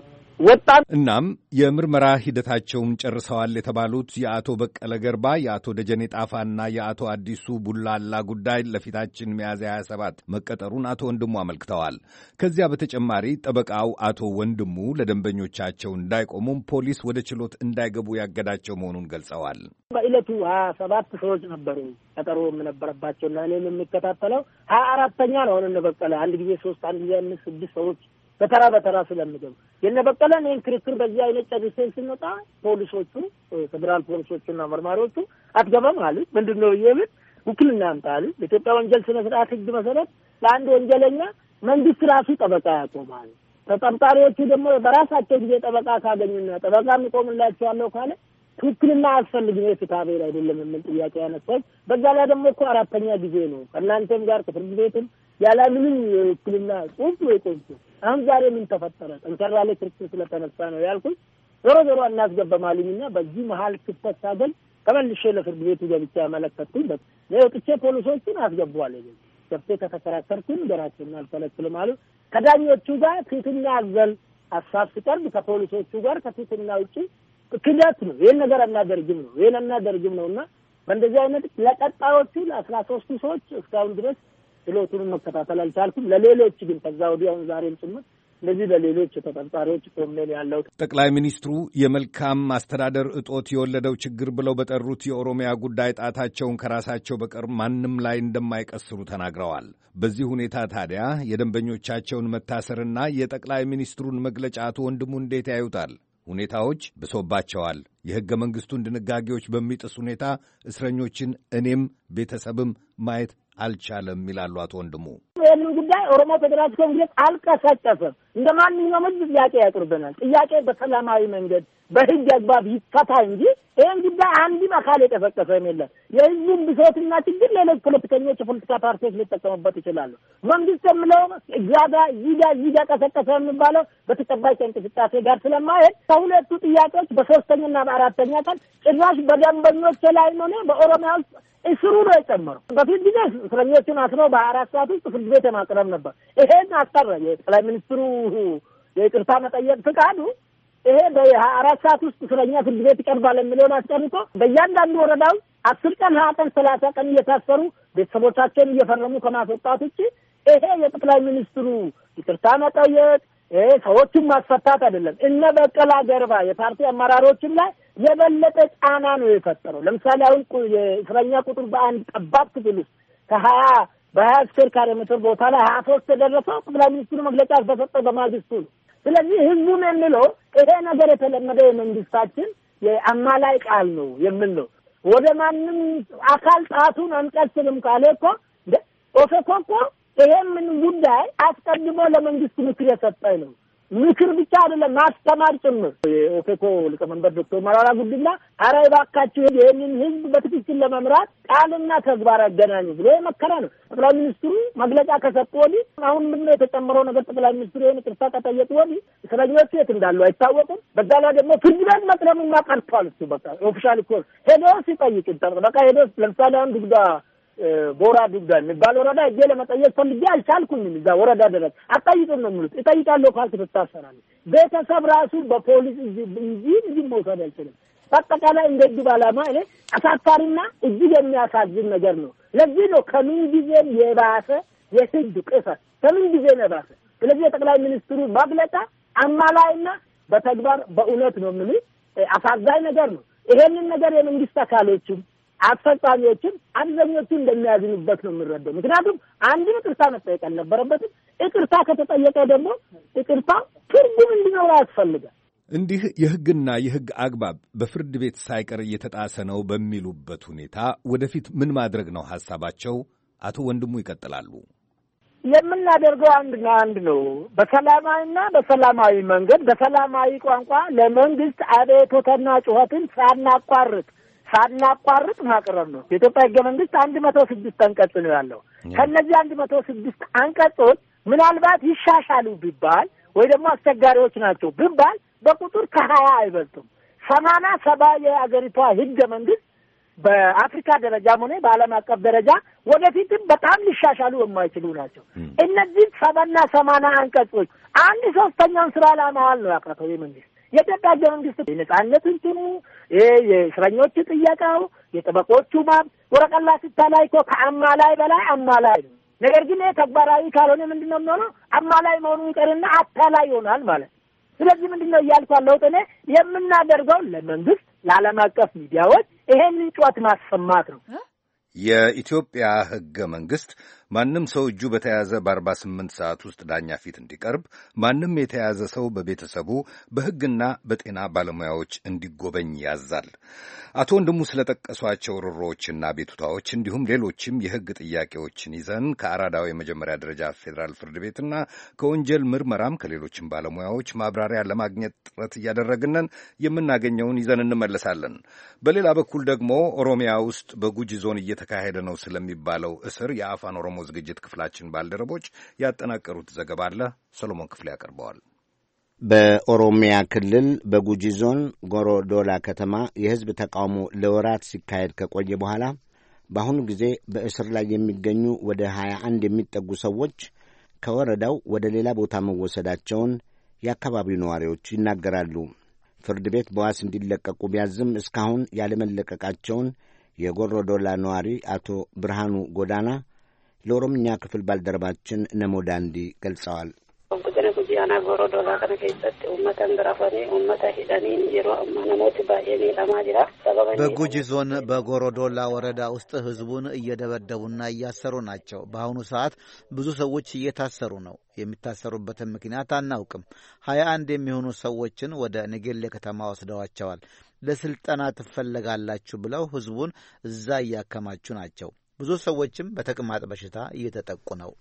ወጣት እናም የምርመራ ሂደታቸውን ጨርሰዋል የተባሉት የአቶ በቀለ ገርባ የአቶ ደጀኔ ጣፋና የአቶ አዲሱ ቡላላ ጉዳይ ለፊታችን ሚያዝያ 27 መቀጠሩን አቶ ወንድሙ አመልክተዋል። ከዚያ በተጨማሪ ጠበቃው አቶ ወንድሙ ለደንበኞቻቸው እንዳይቆሙም ፖሊስ ወደ ችሎት እንዳይገቡ ያገዳቸው መሆኑን ገልጸዋል። በእለቱ ሀያ ሰባት ሰዎች ነበሩ ቀጠሮ የምነበረባቸውና እኔም የሚከታተለው ሀያ አራተኛ ነው። አሁን እነ በቀለ አንድ ጊዜ ሶስት አንድ ጊዜ አምስት ስድስት ሰዎች በተራ በተራ ስለምገቡ የነ በቀለ ይህን ክርክር በዚህ አይነት ጨርሰን ስንወጣ ፖሊሶቹ ፌዴራል ፖሊሶቹና መርማሪዎቹ አትገባም አሉት። ምንድን ነው የብል ውክልና አምጣ አሉት። በኢትዮጵያ ወንጀል ስነ ስርዓት ህግ መሰረት ለአንድ ወንጀለኛ መንግስት ራሱ ጠበቃ ያቆማል። ተጠርጣሪዎቹ ደግሞ በራሳቸው ጊዜ ጠበቃ ካገኙና ጠበቃ የሚቆምላቸዋለሁ ካለ ትክክልና አያስፈልግም የፍትሐ ብሔር አይደለም የሚል ጥያቄ ያነሳች። በዛ ላይ ደግሞ እኮ አራተኛ ጊዜ ነው ከእናንተም ጋር ከፍርድ ቤትም ያለ ምንም የውክልና ጽሁፍ ወይ የቆምኩት አሁን ዛሬ ምን ተፈጠረ? ጠንከር ያለ ክርክር ስለተነሳ ነው ያልኩኝ። ዞሮ ዞሮ እናስገባም አሉኝና በዚህ መሀል ክፍተት ሳገኝ ተመልሼ ለፍርድ ቤቱ ገብቼ ያመለከትኩኝ በት ወጥቼ ፖሊሶቹን አስገቧል። ገብቼ ከተከራከርኩኝ ገራቸውን አልከለክልም አሉ። ከዳኞቹ ጋር ትህትና አዘል ሀሳብ ሲቀርብ ከፖሊሶቹ ጋር ከትህትና ውጭ ክደት ነው። ይህን ነገር አናደርግም ነው ይህን አናደርግም ነው እና በእንደዚህ አይነት ለቀጣዮቹ ለአስራ ሶስቱ ሰዎች እስካሁን ድረስ ችሎቱንም መከታተል አልቻልኩም። ለሌሎች ግን ከዛ ወዲያውኑ ዛሬም ጭምር እንደዚህ ለሌሎች ተጠርጣሪዎች ኮምሌን ያለው ጠቅላይ ሚኒስትሩ የመልካም አስተዳደር እጦት የወለደው ችግር ብለው በጠሩት የኦሮሚያ ጉዳይ ጣታቸውን ከራሳቸው በቀር ማንም ላይ እንደማይቀስሩ ተናግረዋል። በዚህ ሁኔታ ታዲያ የደንበኞቻቸውን መታሰርና የጠቅላይ ሚኒስትሩን መግለጫ አቶ ወንድሙ እንዴት ያዩታል? ሁኔታዎች ብሶባቸዋል። የሕገ መንግሥቱን ድንጋጌዎች በሚጥስ ሁኔታ እስረኞችን እኔም ቤተሰብም ማየት አልቻለም ይላሉ አቶ ወንድሙ። ይህንን ጉዳይ ኦሮሞ ፌዴራል ኮንግሬስ አልቀሰቀሰም። እንደ ማንኛውም ህዝብ ጥያቄ ያቅርብናል። ጥያቄ በሰላማዊ መንገድ በህግ አግባብ ይፈታ እንጂ ይህን ጉዳይ አንድም አካል የቀሰቀሰም የለም። የህዝቡን ብሶትና ችግር ሌሎች ፖለቲከኞች፣ የፖለቲካ ፓርቲዎች ሊጠቀሙበት ይችላሉ። መንግስት የምለው እዛጋ ዚጋ ዚጋ ቀሰቀሰ የሚባለው በተጨባጭ እንቅስቃሴ ጋር ስለማይሄድ ከሁለቱ ጥያቄዎች በሶስተኛና በአራተኛ ቀን ጭራሽ በደንበኞች ላይ ሆነ በኦሮሚያ ውስጥ እስሩ ነው የጨመረው። በፊት ጊዜ እስረኞቹን አስረው በአራት ሰዓት ውስጥ ፍርድ ቤት የማቅረብ ነበር። ይሄን አስቀረ የጠቅላይ ሚኒስትሩ የይቅርታ መጠየቅ ፍቃዱ ይሄ በአራት ሰዓት ውስጥ እስረኛ ፍርድ ቤት ይቀርባል የሚለውን አስቀምጦ በእያንዳንዱ ወረዳው አስር ቀን ሀያ ቀን ሰላሳ ቀን እየታሰሩ ቤተሰቦቻቸውን እየፈረሙ ከማስወጣት ውጭ ይሄ የጠቅላይ ሚኒስትሩ ይቅርታ መጠየቅ ሰዎቹን ማስፈታት አይደለም። እነ በቀላ ገርባ የፓርቲ አመራሮችም ላይ የበለጠ ጫና ነው የፈጠረው። ለምሳሌ አሁን የእስረኛ ቁጥር በአንድ ጠባብ ክፍል ውስጥ ከሀያ በሀያ ስኩዌር ካሬ ሜትር ቦታ ላይ ሀያ ሶስት የደረሰው ጠቅላይ ሚኒስትሩ መግለጫ በሰጠ በማግስቱ ነው። ስለዚህ ህዝቡም የምለው ይሄ ነገር የተለመደ የመንግስታችን የአማላይ ቃል ነው የምለው ወደ ማንም አካል ጣቱን አንቀስልም ካለ እኮ ኦፌኮ እኮ ይሄ ምን ጉዳይ አስቀድሞ ለመንግስት ምክር የሰጠ ነው። ምክር ብቻ አይደለም ማስተማር ጭምር። የኦፌኮ ሊቀመንበር ዶክተር መራራ ጉዲና ኧረ እባካችሁ ይህንን ህዝብ በትክክል ለመምራት ቃልና ተግባር ያገናኙ ብሎ መከራ ነው። ጠቅላይ ሚኒስትሩ መግለጫ ከሰጡ ወዲህ አሁን ምንድን ነው የተጨመረው ነገር? ጠቅላይ ሚኒስትሩ ይህን ቅርሳ ከጠየቁ ወዲህ እስረኞቹ የት እንዳሉ አይታወቁም። በዛ ላይ ደግሞ ፍርድ ቤት መቅረቡን ቀርቷል። እሱ በቃ ኦፊሻል እኮ ሄዶ ሲጠይቅ በቃ ሄዶ ለምሳሌ አንድ ጉዳ ቦራ ዱጋ የሚባል ወረዳ እጄ ለመጠየቅ ፈልጌ አልቻልኩኝም። እዛ ወረዳ ድረስ አጠይቅም ነው የሚሉት። እጠይቃለሁ ካልክ ትታሰራለህ። ቤተሰብ ራሱ በፖሊስ እንጂ እንጂ መውሰድ አይችልም። በአጠቃላይ እንደ ግብ ዓላማ እኔ አሳፋሪና እጅግ የሚያሳዝን ነገር ነው። ለዚህ ነው ከምን ጊዜም የባሰ የህግ ቅፈት ከምን ጊዜም የባሰ ስለዚህ የጠቅላይ ሚኒስትሩ መግለጫ አማላይና በተግባር በእውነት ነው የምልህ አሳዛኝ ነገር ነው። ይሄንን ነገር የመንግስት አካሎችም አስፈጻሚዎችም አብዛኞቹ እንደሚያዝኑበት ነው የምንረዳው። ምክንያቱም አንድም ይቅርታ መጠየቅ አልነበረበትም። ይቅርታ ከተጠየቀ ደግሞ ይቅርታ ትርጉም እንዲኖረው ያስፈልጋል። እንዲህ የሕግና የሕግ አግባብ በፍርድ ቤት ሳይቀር እየተጣሰ ነው በሚሉበት ሁኔታ ወደፊት ምን ማድረግ ነው ሐሳባቸው? አቶ ወንድሙ ይቀጥላሉ። የምናደርገው አንድና አንድ ነው። በሰላማዊና በሰላማዊ መንገድ በሰላማዊ ቋንቋ ለመንግስት አቤቱታና ጩኸትን ሳናቋርጥ ሳናቋርጥ ማቅረብ ነው። የኢትዮጵያ ህገ መንግስት አንድ መቶ ስድስት አንቀጽ ነው ያለው። ከእነዚህ አንድ መቶ ስድስት አንቀጾች ምናልባት ይሻሻሉ ቢባል ወይ ደግሞ አስቸጋሪዎች ናቸው ቢባል በቁጥር ከሀያ አይበልጡም። ሰማና ሰባ የአገሪቷ ህገ መንግስት በአፍሪካ ደረጃም ሆነ በዓለም አቀፍ ደረጃ ወደፊትም በጣም ሊሻሻሉ የማይችሉ ናቸው። እነዚህ ሰባና ሰማና አንቀጾች አንድ ሶስተኛውን ስራ ላይ ማዋል ነው ያቃተው መንግስት። የኢትዮጵያ ህገ መንግስት የነጻነት እንትኑ የእስረኞቹ የጠበቆቹ ማብ ወረቀላ ስታላይ እኮ ላይ በላይ አማ ነው። ነገር ግን ተግባራዊ ካልሆነ ምንድን ነው የሚሆነው? አማላይ መሆኑ ይቀርና ላይ ይሆናል ማለት ነው። ስለዚህ ምንድን ነው እያልኩ ያለሁት እኔ የምናደርገው ለመንግስት ለዓለም አቀፍ ሚዲያዎች ይሄንን ጩኸት ማሰማት ነው። የኢትዮጵያ ህገ መንግስት ማንም ሰው እጁ በተያዘ በ48 ሰዓት ውስጥ ዳኛ ፊት እንዲቀርብ፣ ማንም የተያዘ ሰው በቤተሰቡ በሕግና በጤና ባለሙያዎች እንዲጎበኝ ያዛል። አቶ ወንድሙ ስለጠቀሷቸው ሮሮዎችና ቤቱታዎች እንዲሁም ሌሎችም የሕግ ጥያቄዎችን ይዘን ከአራዳው የመጀመሪያ ደረጃ ፌዴራል ፍርድ ቤትና ከወንጀል ምርመራም ከሌሎችም ባለሙያዎች ማብራሪያ ለማግኘት ጥረት እያደረግንን የምናገኘውን ይዘን እንመለሳለን። በሌላ በኩል ደግሞ ኦሮሚያ ውስጥ በጉጂ ዞን እየተካሄደ ነው ስለሚባለው እስር የአፋን ኦሮሞ የኦሮሞ ዝግጅት ክፍላችን ባልደረቦች ያጠናቀሩት ዘገባ አለ። ሰሎሞን ክፍሌ ያቀርበዋል። በኦሮሚያ ክልል በጉጂ ዞን ጎሮዶላ ከተማ የህዝብ ተቃውሞ ለወራት ሲካሄድ ከቆየ በኋላ በአሁኑ ጊዜ በእስር ላይ የሚገኙ ወደ 21 የሚጠጉ ሰዎች ከወረዳው ወደ ሌላ ቦታ መወሰዳቸውን የአካባቢው ነዋሪዎች ይናገራሉ። ፍርድ ቤት በዋስ እንዲለቀቁ ቢያዝም እስካሁን ያለመለቀቃቸውን የጎሮዶላ ነዋሪ አቶ ብርሃኑ ጎዳና ለኦሮምኛ ክፍል ባልደረባችን ነሞ ዳንዲ ገልጸዋል። ዶላ ከነ ከይሰጥ በጉጂ ዞን በጎሮዶላ ወረዳ ውስጥ ህዝቡን እየደበደቡና እያሰሩ ናቸው። በአሁኑ ሰዓት ብዙ ሰዎች እየታሰሩ ነው። የሚታሰሩበትን ምክንያት አናውቅም። ሀያ አንድ የሚሆኑ ሰዎችን ወደ ንጌሌ ከተማ ወስደዋቸዋል። ለስልጠና ትፈለጋላችሁ ብለው ህዝቡን እዛ እያከማችሁ ናቸው። ብዙ ሰዎችም በተቅማጥ በሽታ እየተጠቁ ነው።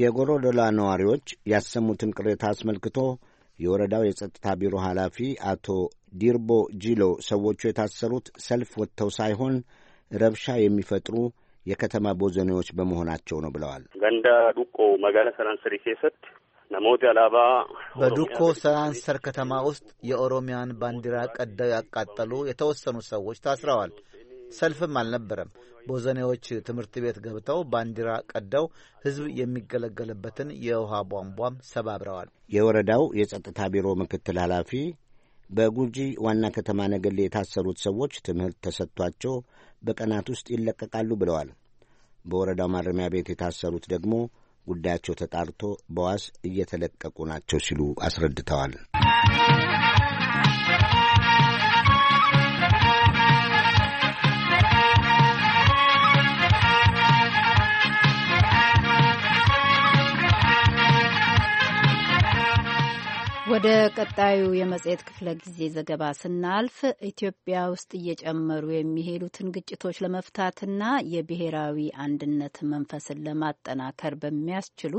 የጎሮዶላ ነዋሪዎች ያሰሙትን ቅሬታ አስመልክቶ የወረዳው የጸጥታ ቢሮ ኃላፊ አቶ ዲርቦ ጂሎ ሰዎቹ የታሰሩት ሰልፍ ወጥተው ሳይሆን ረብሻ የሚፈጥሩ የከተማ ቦዘኔዎች በመሆናቸው ነው ብለዋል። ገንዳ ዱቆ መጋለ ሰናንሰር ሴሰት ነሞት አላባ በዱኮ ሰላንሰር ከተማ ውስጥ የኦሮሚያን ባንዲራ ቀደው ያቃጠሉ የተወሰኑ ሰዎች ታስረዋል። ሰልፍም አልነበረም። ቦዘኔዎች ትምህርት ቤት ገብተው ባንዲራ ቀደው ሕዝብ የሚገለገልበትን የውሃ ቧንቧም ሰባብረዋል። የወረዳው የጸጥታ ቢሮ ምክትል ኃላፊ በጉጂ ዋና ከተማ ነገሌ የታሰሩት ሰዎች ትምህርት ተሰጥቷቸው በቀናት ውስጥ ይለቀቃሉ ብለዋል። በወረዳው ማረሚያ ቤት የታሰሩት ደግሞ ጉዳያቸው ተጣርቶ በዋስ እየተለቀቁ ናቸው ሲሉ አስረድተዋል። ወደ ቀጣዩ የመጽሔት ክፍለ ጊዜ ዘገባ ስናልፍ ኢትዮጵያ ውስጥ እየጨመሩ የሚሄዱትን ግጭቶች ለመፍታትና የብሔራዊ አንድነት መንፈስን ለማጠናከር በሚያስችሉ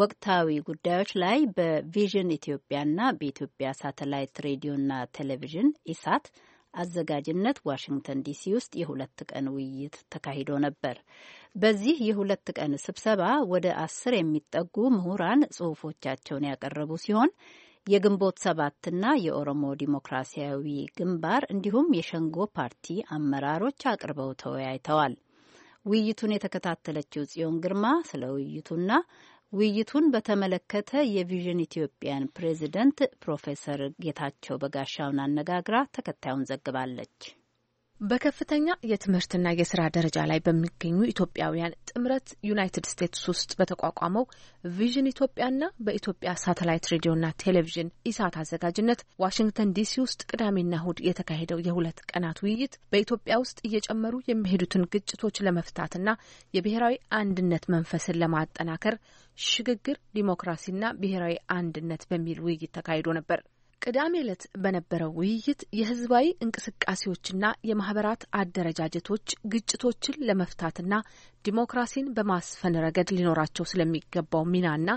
ወቅታዊ ጉዳዮች ላይ በቪዥን ኢትዮጵያና በኢትዮጵያ ሳተላይት ሬዲዮና ቴሌቪዥን ኢሳት አዘጋጅነት ዋሽንግተን ዲሲ ውስጥ የሁለት ቀን ውይይት ተካሂዶ ነበር። በዚህ የሁለት ቀን ስብሰባ ወደ አስር የሚጠጉ ምሁራን ጽሁፎቻቸውን ያቀረቡ ሲሆን የግንቦት ሰባትና የኦሮሞ ዲሞክራሲያዊ ግንባር እንዲሁም የሸንጎ ፓርቲ አመራሮች አቅርበው ተወያይተዋል። ውይይቱን የተከታተለችው ጽዮን ግርማ ስለ ውይይቱና ውይይቱን በተመለከተ የቪዥን ኢትዮጵያን ፕሬዚደንት ፕሮፌሰር ጌታቸው በጋሻውን አነጋግራ ተከታዩን ዘግባለች። በከፍተኛ የትምህርትና የስራ ደረጃ ላይ በሚገኙ ኢትዮጵያውያን ጥምረት ዩናይትድ ስቴትስ ውስጥ በተቋቋመው ቪዥን ኢትዮጵያና በኢትዮጵያ ሳተላይት ሬዲዮና ቴሌቪዥን ኢሳት አዘጋጅነት ዋሽንግተን ዲሲ ውስጥ ቅዳሜና እሁድ የተካሄደው የሁለት ቀናት ውይይት በኢትዮጵያ ውስጥ እየጨመሩ የሚሄዱትን ግጭቶች ለመፍታትና የብሔራዊ አንድነት መንፈስን ለማጠናከር ሽግግር፣ ዲሞክራሲና ብሔራዊ አንድነት በሚል ውይይት ተካሂዶ ነበር። ቅዳሜ ዕለት በነበረው ውይይት የህዝባዊ እንቅስቃሴዎችና የማህበራት አደረጃጀቶች ግጭቶችን ለመፍታትና ዲሞክራሲን በማስፈን ረገድ ሊኖራቸው ስለሚገባው ሚናና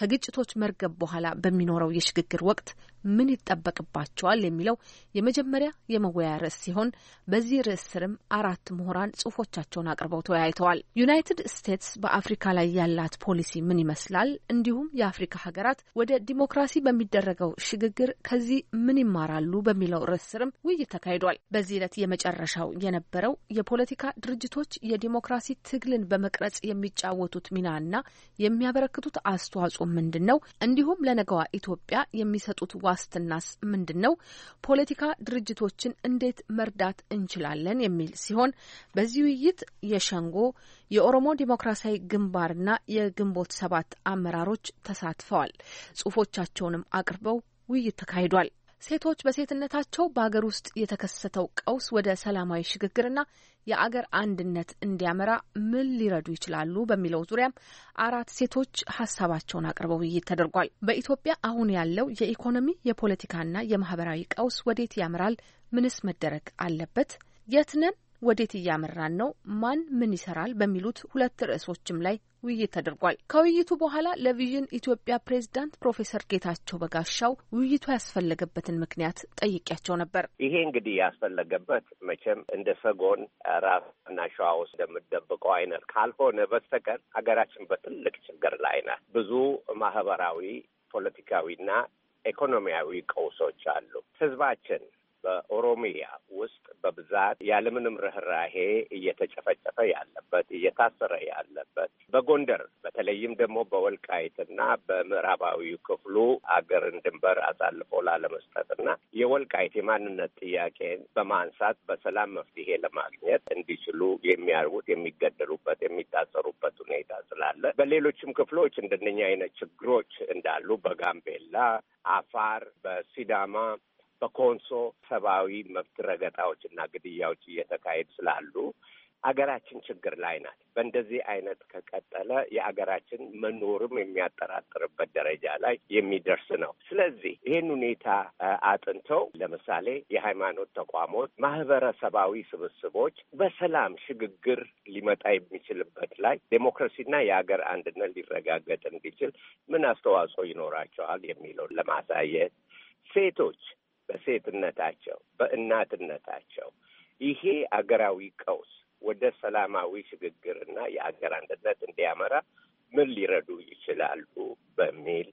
ከግጭቶች መርገብ በኋላ በሚኖረው የሽግግር ወቅት ምን ይጠበቅባቸዋል የሚለው የመጀመሪያ የመወያያ ርዕስ ሲሆን በዚህ ርዕስ ስርም አራት ምሁራን ጽሁፎቻቸውን አቅርበው ተወያይተዋል። ዩናይትድ ስቴትስ በአፍሪካ ላይ ያላት ፖሊሲ ምን ይመስላል፣ እንዲሁም የአፍሪካ ሀገራት ወደ ዲሞክራሲ በሚደረገው ሽግግር ከዚህ ምን ይማራሉ በሚለው ርዕስ ስርም ውይይት ተካሂዷል። በዚህ ዕለት የመጨረሻው የነበረው የፖለቲካ ድርጅቶች የዲሞክራሲ ትግልን በመቅረጽ የሚጫወቱት ሚና እና የሚያበረክቱት አስተዋጽኦ ምንድን ነው እንዲሁም ለነገዋ ኢትዮጵያ የሚሰጡት ዋ ዋስትናስ ምንድን ነው? ፖለቲካ ድርጅቶችን እንዴት መርዳት እንችላለን? የሚል ሲሆን በዚህ ውይይት የሸንጎ የኦሮሞ ዴሞክራሲያዊ ግንባርና የግንቦት ሰባት አመራሮች ተሳትፈዋል። ጽሁፎቻቸውንም አቅርበው ውይይት ተካሂዷል። ሴቶች በሴትነታቸው በሀገር ውስጥ የተከሰተው ቀውስ ወደ ሰላማዊ ሽግግርና የአገር አንድነት እንዲያመራ ምን ሊረዱ ይችላሉ በሚለው ዙሪያም አራት ሴቶች ሀሳባቸውን አቅርበው ውይይት ተደርጓል። በኢትዮጵያ አሁን ያለው የኢኮኖሚ የፖለቲካና የማህበራዊ ቀውስ ወዴት ያምራል? ምንስ መደረግ አለበት? የትነን ወዴት እያመራን ነው፣ ማን ምን ይሰራል በሚሉት ሁለት ርዕሶችም ላይ ውይይት ተደርጓል። ከውይይቱ በኋላ ለቪዥን ኢትዮጵያ ፕሬዝዳንት ፕሮፌሰር ጌታቸው በጋሻው ውይይቱ ያስፈለገበትን ምክንያት ጠይቂያቸው ነበር። ይሄ እንግዲህ ያስፈለገበት መቼም እንደ ሰጎን ራስና ሸዋ ውስጥ እንደምትደብቀው አይነት ካልሆነ በስተቀር ሀገራችን በትልቅ ችግር ላይ ናት። ብዙ ማህበራዊ ፖለቲካዊና ኢኮኖሚያዊ ቀውሶች አሉ። ህዝባችን በኦሮሚያ ውስጥ በብዛት ያለምንም ርኅራሄ እየተጨፈጨፈ ያለበት እየታሰረ ያለበት በጎንደር በተለይም ደግሞ በወልቃይትና በምዕራባዊ ክፍሉ አገርን ድንበር አሳልፎ ላለመስጠትና የወልቃይት የማንነት ጥያቄን በማንሳት በሰላም መፍትሄ ለማግኘት እንዲችሉ የሚያርጉት የሚገደሉበት፣ የሚታሰሩበት ሁኔታ ስላለ በሌሎችም ክፍሎች እንደነኛ አይነት ችግሮች እንዳሉ በጋምቤላ፣ አፋር፣ በሲዳማ በኮንሶ ሰብአዊ መብት ረገጣዎች እና ግድያዎች እየተካሄዱ ስላሉ አገራችን ችግር ላይ ናት። በእንደዚህ አይነት ከቀጠለ የአገራችን መኖርም የሚያጠራጥርበት ደረጃ ላይ የሚደርስ ነው። ስለዚህ ይህን ሁኔታ አጥንተው ለምሳሌ የሃይማኖት ተቋሞች፣ ማህበረሰባዊ ስብስቦች በሰላም ሽግግር ሊመጣ የሚችልበት ላይ ዴሞክራሲና የሀገር አንድነት ሊረጋገጥ እንዲችል ምን አስተዋጽኦ ይኖራቸዋል የሚለውን ለማሳየት ሴቶች በሴትነታቸው፣ በእናትነታቸው ይሄ አገራዊ ቀውስ ወደ ሰላማዊ ሽግግርና የአገር አንድነት እንዲያመራ ምን ሊረዱ ይችላሉ በሚል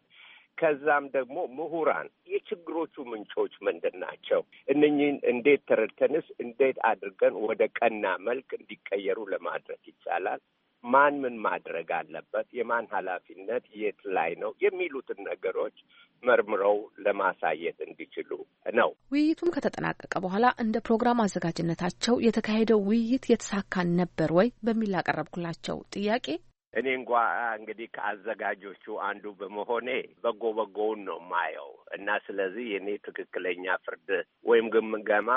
ከዛም ደግሞ ምሁራን የችግሮቹ ምንጮች ምንድን ናቸው? እነኝህን እንዴት ተረድተንስ እንዴት አድርገን ወደ ቀና መልክ እንዲቀየሩ ለማድረግ ይቻላል? ማን ምን ማድረግ አለበት፣ የማን ኃላፊነት የት ላይ ነው የሚሉትን ነገሮች መርምረው ለማሳየት እንዲችሉ ነው። ውይይቱም ከተጠናቀቀ በኋላ እንደ ፕሮግራም አዘጋጅነታቸው የተካሄደው ውይይት የተሳካን ነበር ወይ በሚል ያቀረብኩላቸው ጥያቄ እኔ እንኳ እንግዲህ ከአዘጋጆቹ አንዱ በመሆኔ በጎ በጎውን ነው የማየው እና ስለዚህ የኔ ትክክለኛ ፍርድ ወይም ግምገማ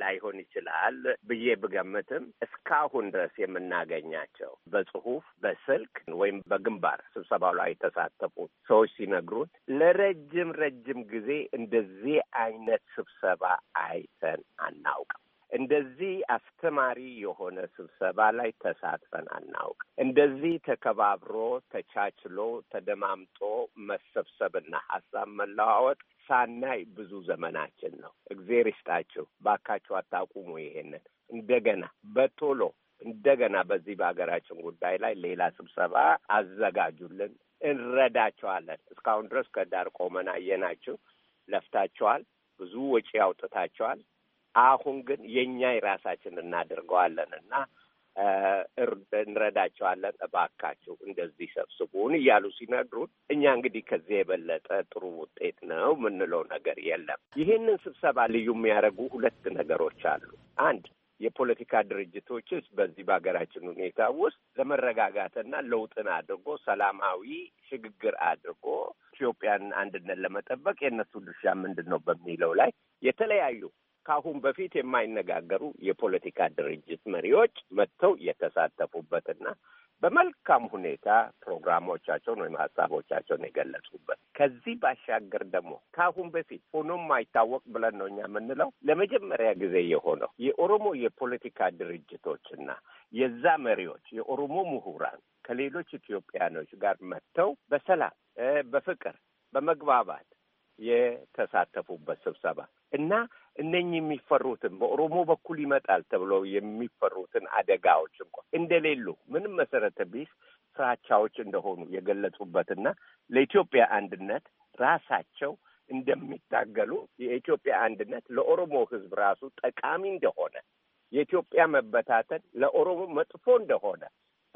ላይሆን ይችላል ብዬ ብገምትም እስካሁን ድረስ የምናገኛቸው በጽሁፍ በስልክ ወይም በግንባር ስብሰባው ላይ የተሳተፉ ሰዎች ሲነግሩን ለረጅም ረጅም ጊዜ እንደዚህ አይነት ስብሰባ አይተን አናውቅም። እንደዚህ አስተማሪ የሆነ ስብሰባ ላይ ተሳትፈን አናውቅ። እንደዚህ ተከባብሮ ተቻችሎ ተደማምጦ መሰብሰብና ሀሳብ መለዋወጥ ሳናይ ብዙ ዘመናችን ነው። እግዜር ይስጣችሁ። ባካችሁ አታቁሙ። ይሄንን እንደገና በቶሎ እንደገና በዚህ በሀገራችን ጉዳይ ላይ ሌላ ስብሰባ አዘጋጁልን። እንረዳቸዋለን። እስካሁን ድረስ ከዳር ቆመን አየናችሁ። ለፍታችኋል። ብዙ ወጪ አውጥታችኋል። አሁን ግን የእኛ የራሳችን እናደርገዋለን እና እንረዳቸዋለን፣ እባካችሁ እንደዚህ ሰብስቡን እያሉ ሲነግሩን እኛ እንግዲህ ከዚህ የበለጠ ጥሩ ውጤት ነው የምንለው ነገር የለም። ይህንን ስብሰባ ልዩ የሚያደርጉ ሁለት ነገሮች አሉ። አንድ የፖለቲካ ድርጅቶችስ በዚህ በሀገራችን ሁኔታ ውስጥ ለመረጋጋትና ለውጥን አድርጎ ሰላማዊ ሽግግር አድርጎ ኢትዮጵያን አንድነት ለመጠበቅ የእነሱ ድርሻ ምንድን ነው በሚለው ላይ የተለያዩ ከአሁን በፊት የማይነጋገሩ የፖለቲካ ድርጅት መሪዎች መጥተው የተሳተፉበትና በመልካም ሁኔታ ፕሮግራሞቻቸውን ወይም ሀሳቦቻቸውን የገለጹበት ከዚህ ባሻገር ደግሞ ከአሁን በፊት ሆኖም የማይታወቅ ብለን ነው እኛ የምንለው ለመጀመሪያ ጊዜ የሆነው የኦሮሞ የፖለቲካ ድርጅቶችና የዛ መሪዎች የኦሮሞ ምሁራን ከሌሎች ኢትዮጵያኖች ጋር መጥተው በሰላም፣ በፍቅር፣ በመግባባት የተሳተፉበት ስብሰባ እና እነኚህ የሚፈሩትን በኦሮሞ በኩል ይመጣል ተብሎ የሚፈሩትን አደጋዎች እንኳ እንደሌሉ ምንም መሰረተ ቢስ ፍራቻዎች እንደሆኑ የገለጹበትና ለኢትዮጵያ አንድነት ራሳቸው እንደሚታገሉ የኢትዮጵያ አንድነት ለኦሮሞ ሕዝብ ራሱ ጠቃሚ እንደሆነ የኢትዮጵያ መበታተን ለኦሮሞ መጥፎ እንደሆነ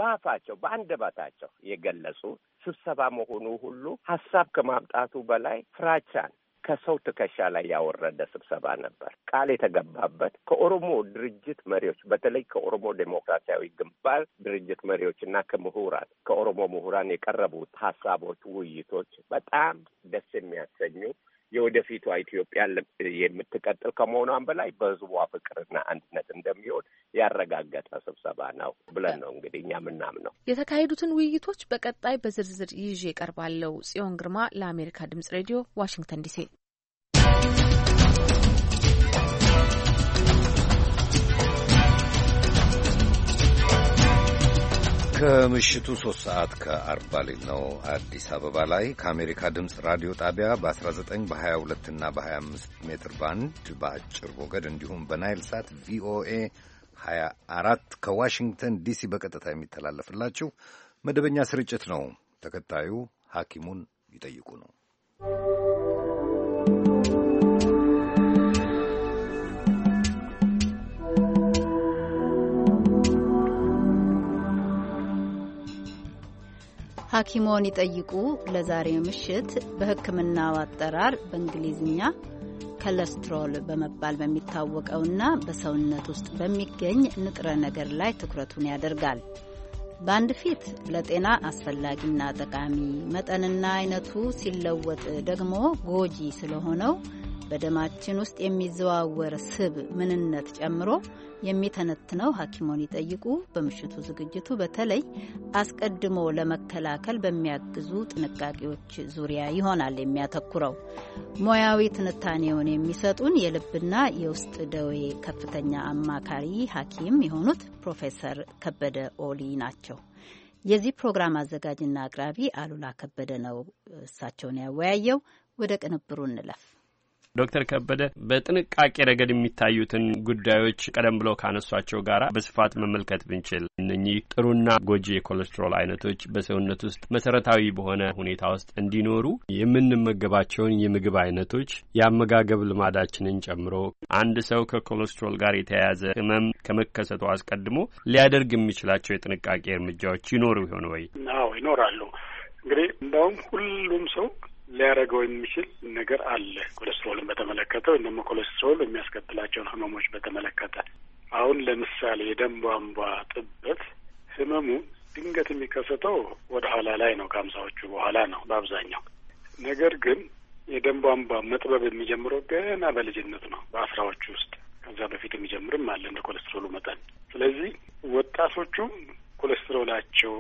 በአፋቸው በአንደበታቸው የገለጹ ስብሰባ መሆኑ ሁሉ ሀሳብ ከማምጣቱ በላይ ፍራቻን ከሰው ትከሻ ላይ ያወረደ ስብሰባ ነበር። ቃል የተገባበት ከኦሮሞ ድርጅት መሪዎች በተለይ ከኦሮሞ ዴሞክራሲያዊ ግንባር ድርጅት መሪዎች እና ከምሁራን ከኦሮሞ ምሁራን የቀረቡት ሀሳቦች፣ ውይይቶች በጣም ደስ የሚያሰኙ የወደፊቷ ኢትዮጵያ የምትቀጥል ከመሆኗን በላይ በህዝቧ ፍቅርና አንድነት እንደሚሆን ያረጋገጠ ስብሰባ ነው ብለን ነው እንግዲህ እኛ የምናምነው። የተካሄዱትን ውይይቶች በቀጣይ በዝርዝር ይዤ ቀርባለው። ጽዮን ግርማ ለአሜሪካ ድምጽ ሬዲዮ ዋሽንግተን ዲሲ ከምሽቱ 3 ሰዓት ከአርባ ሌል ነው አዲስ አበባ ላይ ከአሜሪካ ድምፅ ራዲዮ ጣቢያ በ19 በ22 እና በ25 ሜትር ባንድ በአጭር ሞገድ እንዲሁም በናይል ሳት ቪኦኤ 24 ከዋሽንግተን ዲሲ በቀጥታ የሚተላለፍላችሁ መደበኛ ስርጭት ነው። ተከታዩ ሐኪሙን ይጠይቁ ነው። ሐኪሞን ይጠይቁ ለዛሬው ምሽት በሕክምናው አጠራር በእንግሊዝኛ ኮለስትሮል በመባል በሚታወቀውና በሰውነት ውስጥ በሚገኝ ንጥረ ነገር ላይ ትኩረቱን ያደርጋል። በአንድ ፊት ለጤና አስፈላጊና ጠቃሚ መጠንና አይነቱ ሲለወጥ ደግሞ ጎጂ ስለሆነው በደማችን ውስጥ የሚዘዋወር ስብ ምንነት ጨምሮ የሚተነትነው ሐኪሞን ይጠይቁ በምሽቱ ዝግጅቱ በተለይ አስቀድሞ ለመከላከል በሚያግዙ ጥንቃቄዎች ዙሪያ ይሆናል የሚያተኩረው። ሙያዊ ትንታኔውን የሚሰጡን የልብና የውስጥ ደዌ ከፍተኛ አማካሪ ሐኪም የሆኑት ፕሮፌሰር ከበደ ኦሊ ናቸው። የዚህ ፕሮግራም አዘጋጅና አቅራቢ አሉላ ከበደ ነው እሳቸውን ያወያየው። ወደ ቅንብሩ እንለፍ። ዶክተር ከበደ በጥንቃቄ ረገድ የሚታዩትን ጉዳዮች ቀደም ብለው ካነሷቸው ጋር በስፋት መመልከት ብንችል እነኚህ ጥሩና ጎጂ የኮሌስትሮል አይነቶች በሰውነት ውስጥ መሰረታዊ በሆነ ሁኔታ ውስጥ እንዲኖሩ የምንመገባቸውን የምግብ አይነቶች የአመጋገብ ልማዳችንን ጨምሮ አንድ ሰው ከኮሌስትሮል ጋር የተያያዘ ህመም ከመከሰቱ አስቀድሞ ሊያደርግ የሚችላቸው የጥንቃቄ እርምጃዎች ይኖሩ ይሆን ወይ? አዎ ይኖራሉ። እንግዲህ እንደውም ሁሉም ሰው ሊያደርገው የሚችል ነገር አለ። ኮሌስትሮልን በተመለከተ ወይም ደግሞ ኮሌስትሮል የሚያስከትላቸውን ህመሞች በተመለከተ አሁን ለምሳሌ የደም ቧንቧ ጥበት ህመሙ ድንገት የሚከሰተው ወደ ኋላ ላይ ነው፣ ከሀምሳዎቹ በኋላ ነው በአብዛኛው። ነገር ግን የደም ቧንቧ መጥበብ የሚጀምረው ገና በልጅነት ነው፣ በአስራዎቹ ውስጥ። ከዛ በፊት የሚጀምርም አለ እንደ ኮሌስትሮሉ መጠን። ስለዚህ ወጣቶቹም ኮሌስትሮላቸው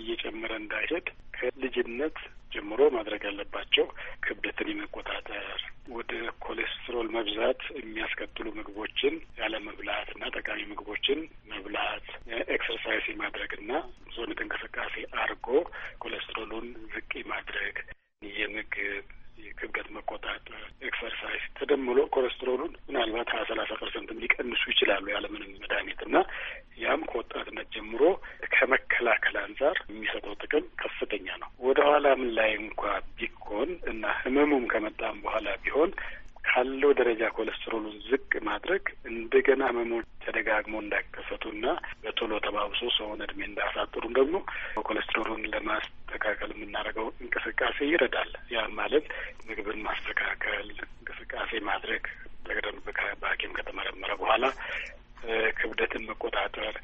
እየጨመረ እንዳይሄድ ከልጅነት ጀምሮ ማድረግ ያለባቸው ክብደትን የመቆጣጠር ወደ ኮሌስትሮል መብዛት የሚያስከትሉ ምግቦችን ያለ መብላት እና ጠቃሚ ምግቦችን መብላት፣ ኤክሰርሳይዝ የማድረግ እና ሰውነት እንቅስቃሴ አድርጎ ኮሌስትሮሉን ዝቅ ማድረግ የምግብ የክብደት መቆጣጠር ኤክሰርሳይዝ ተደምሮ ኮሌስትሮሉን ምናልባት ሀያ ሰላሳ ፐርሰንትም ሊቀንሱ ይችላሉ ያለምንም መድኃኒት እና ያም ከወጣትነት ጀምሮ ከመከላከል አንጻር የሚሰጠው ጥቅም ከፍተኛ ነው። ወደ ኋላም ምን ላይ እንኳ ቢኮን እና ህመሙም ከመጣም በኋላ ቢሆን ካለው ደረጃ ኮሌስትሮሉን ዝቅ ማድረግ እንደገና ህመሞች ተደጋግሞ እንዳይከሰቱና በቶሎ ተባብሶ ሰውን እድሜ እንዳያሳጥሩ ደግሞ ኮሌስትሮሉን ለማስተካከል የምናደርገው እንቅስቃሴ ይረዳል። ያ ማለት ምግብን ማስተካከል፣ እንቅስቃሴ ማድረግ በቀደም በሐኪም ከተመረመረ በኋላ ክብደትን መቆጣጠር፣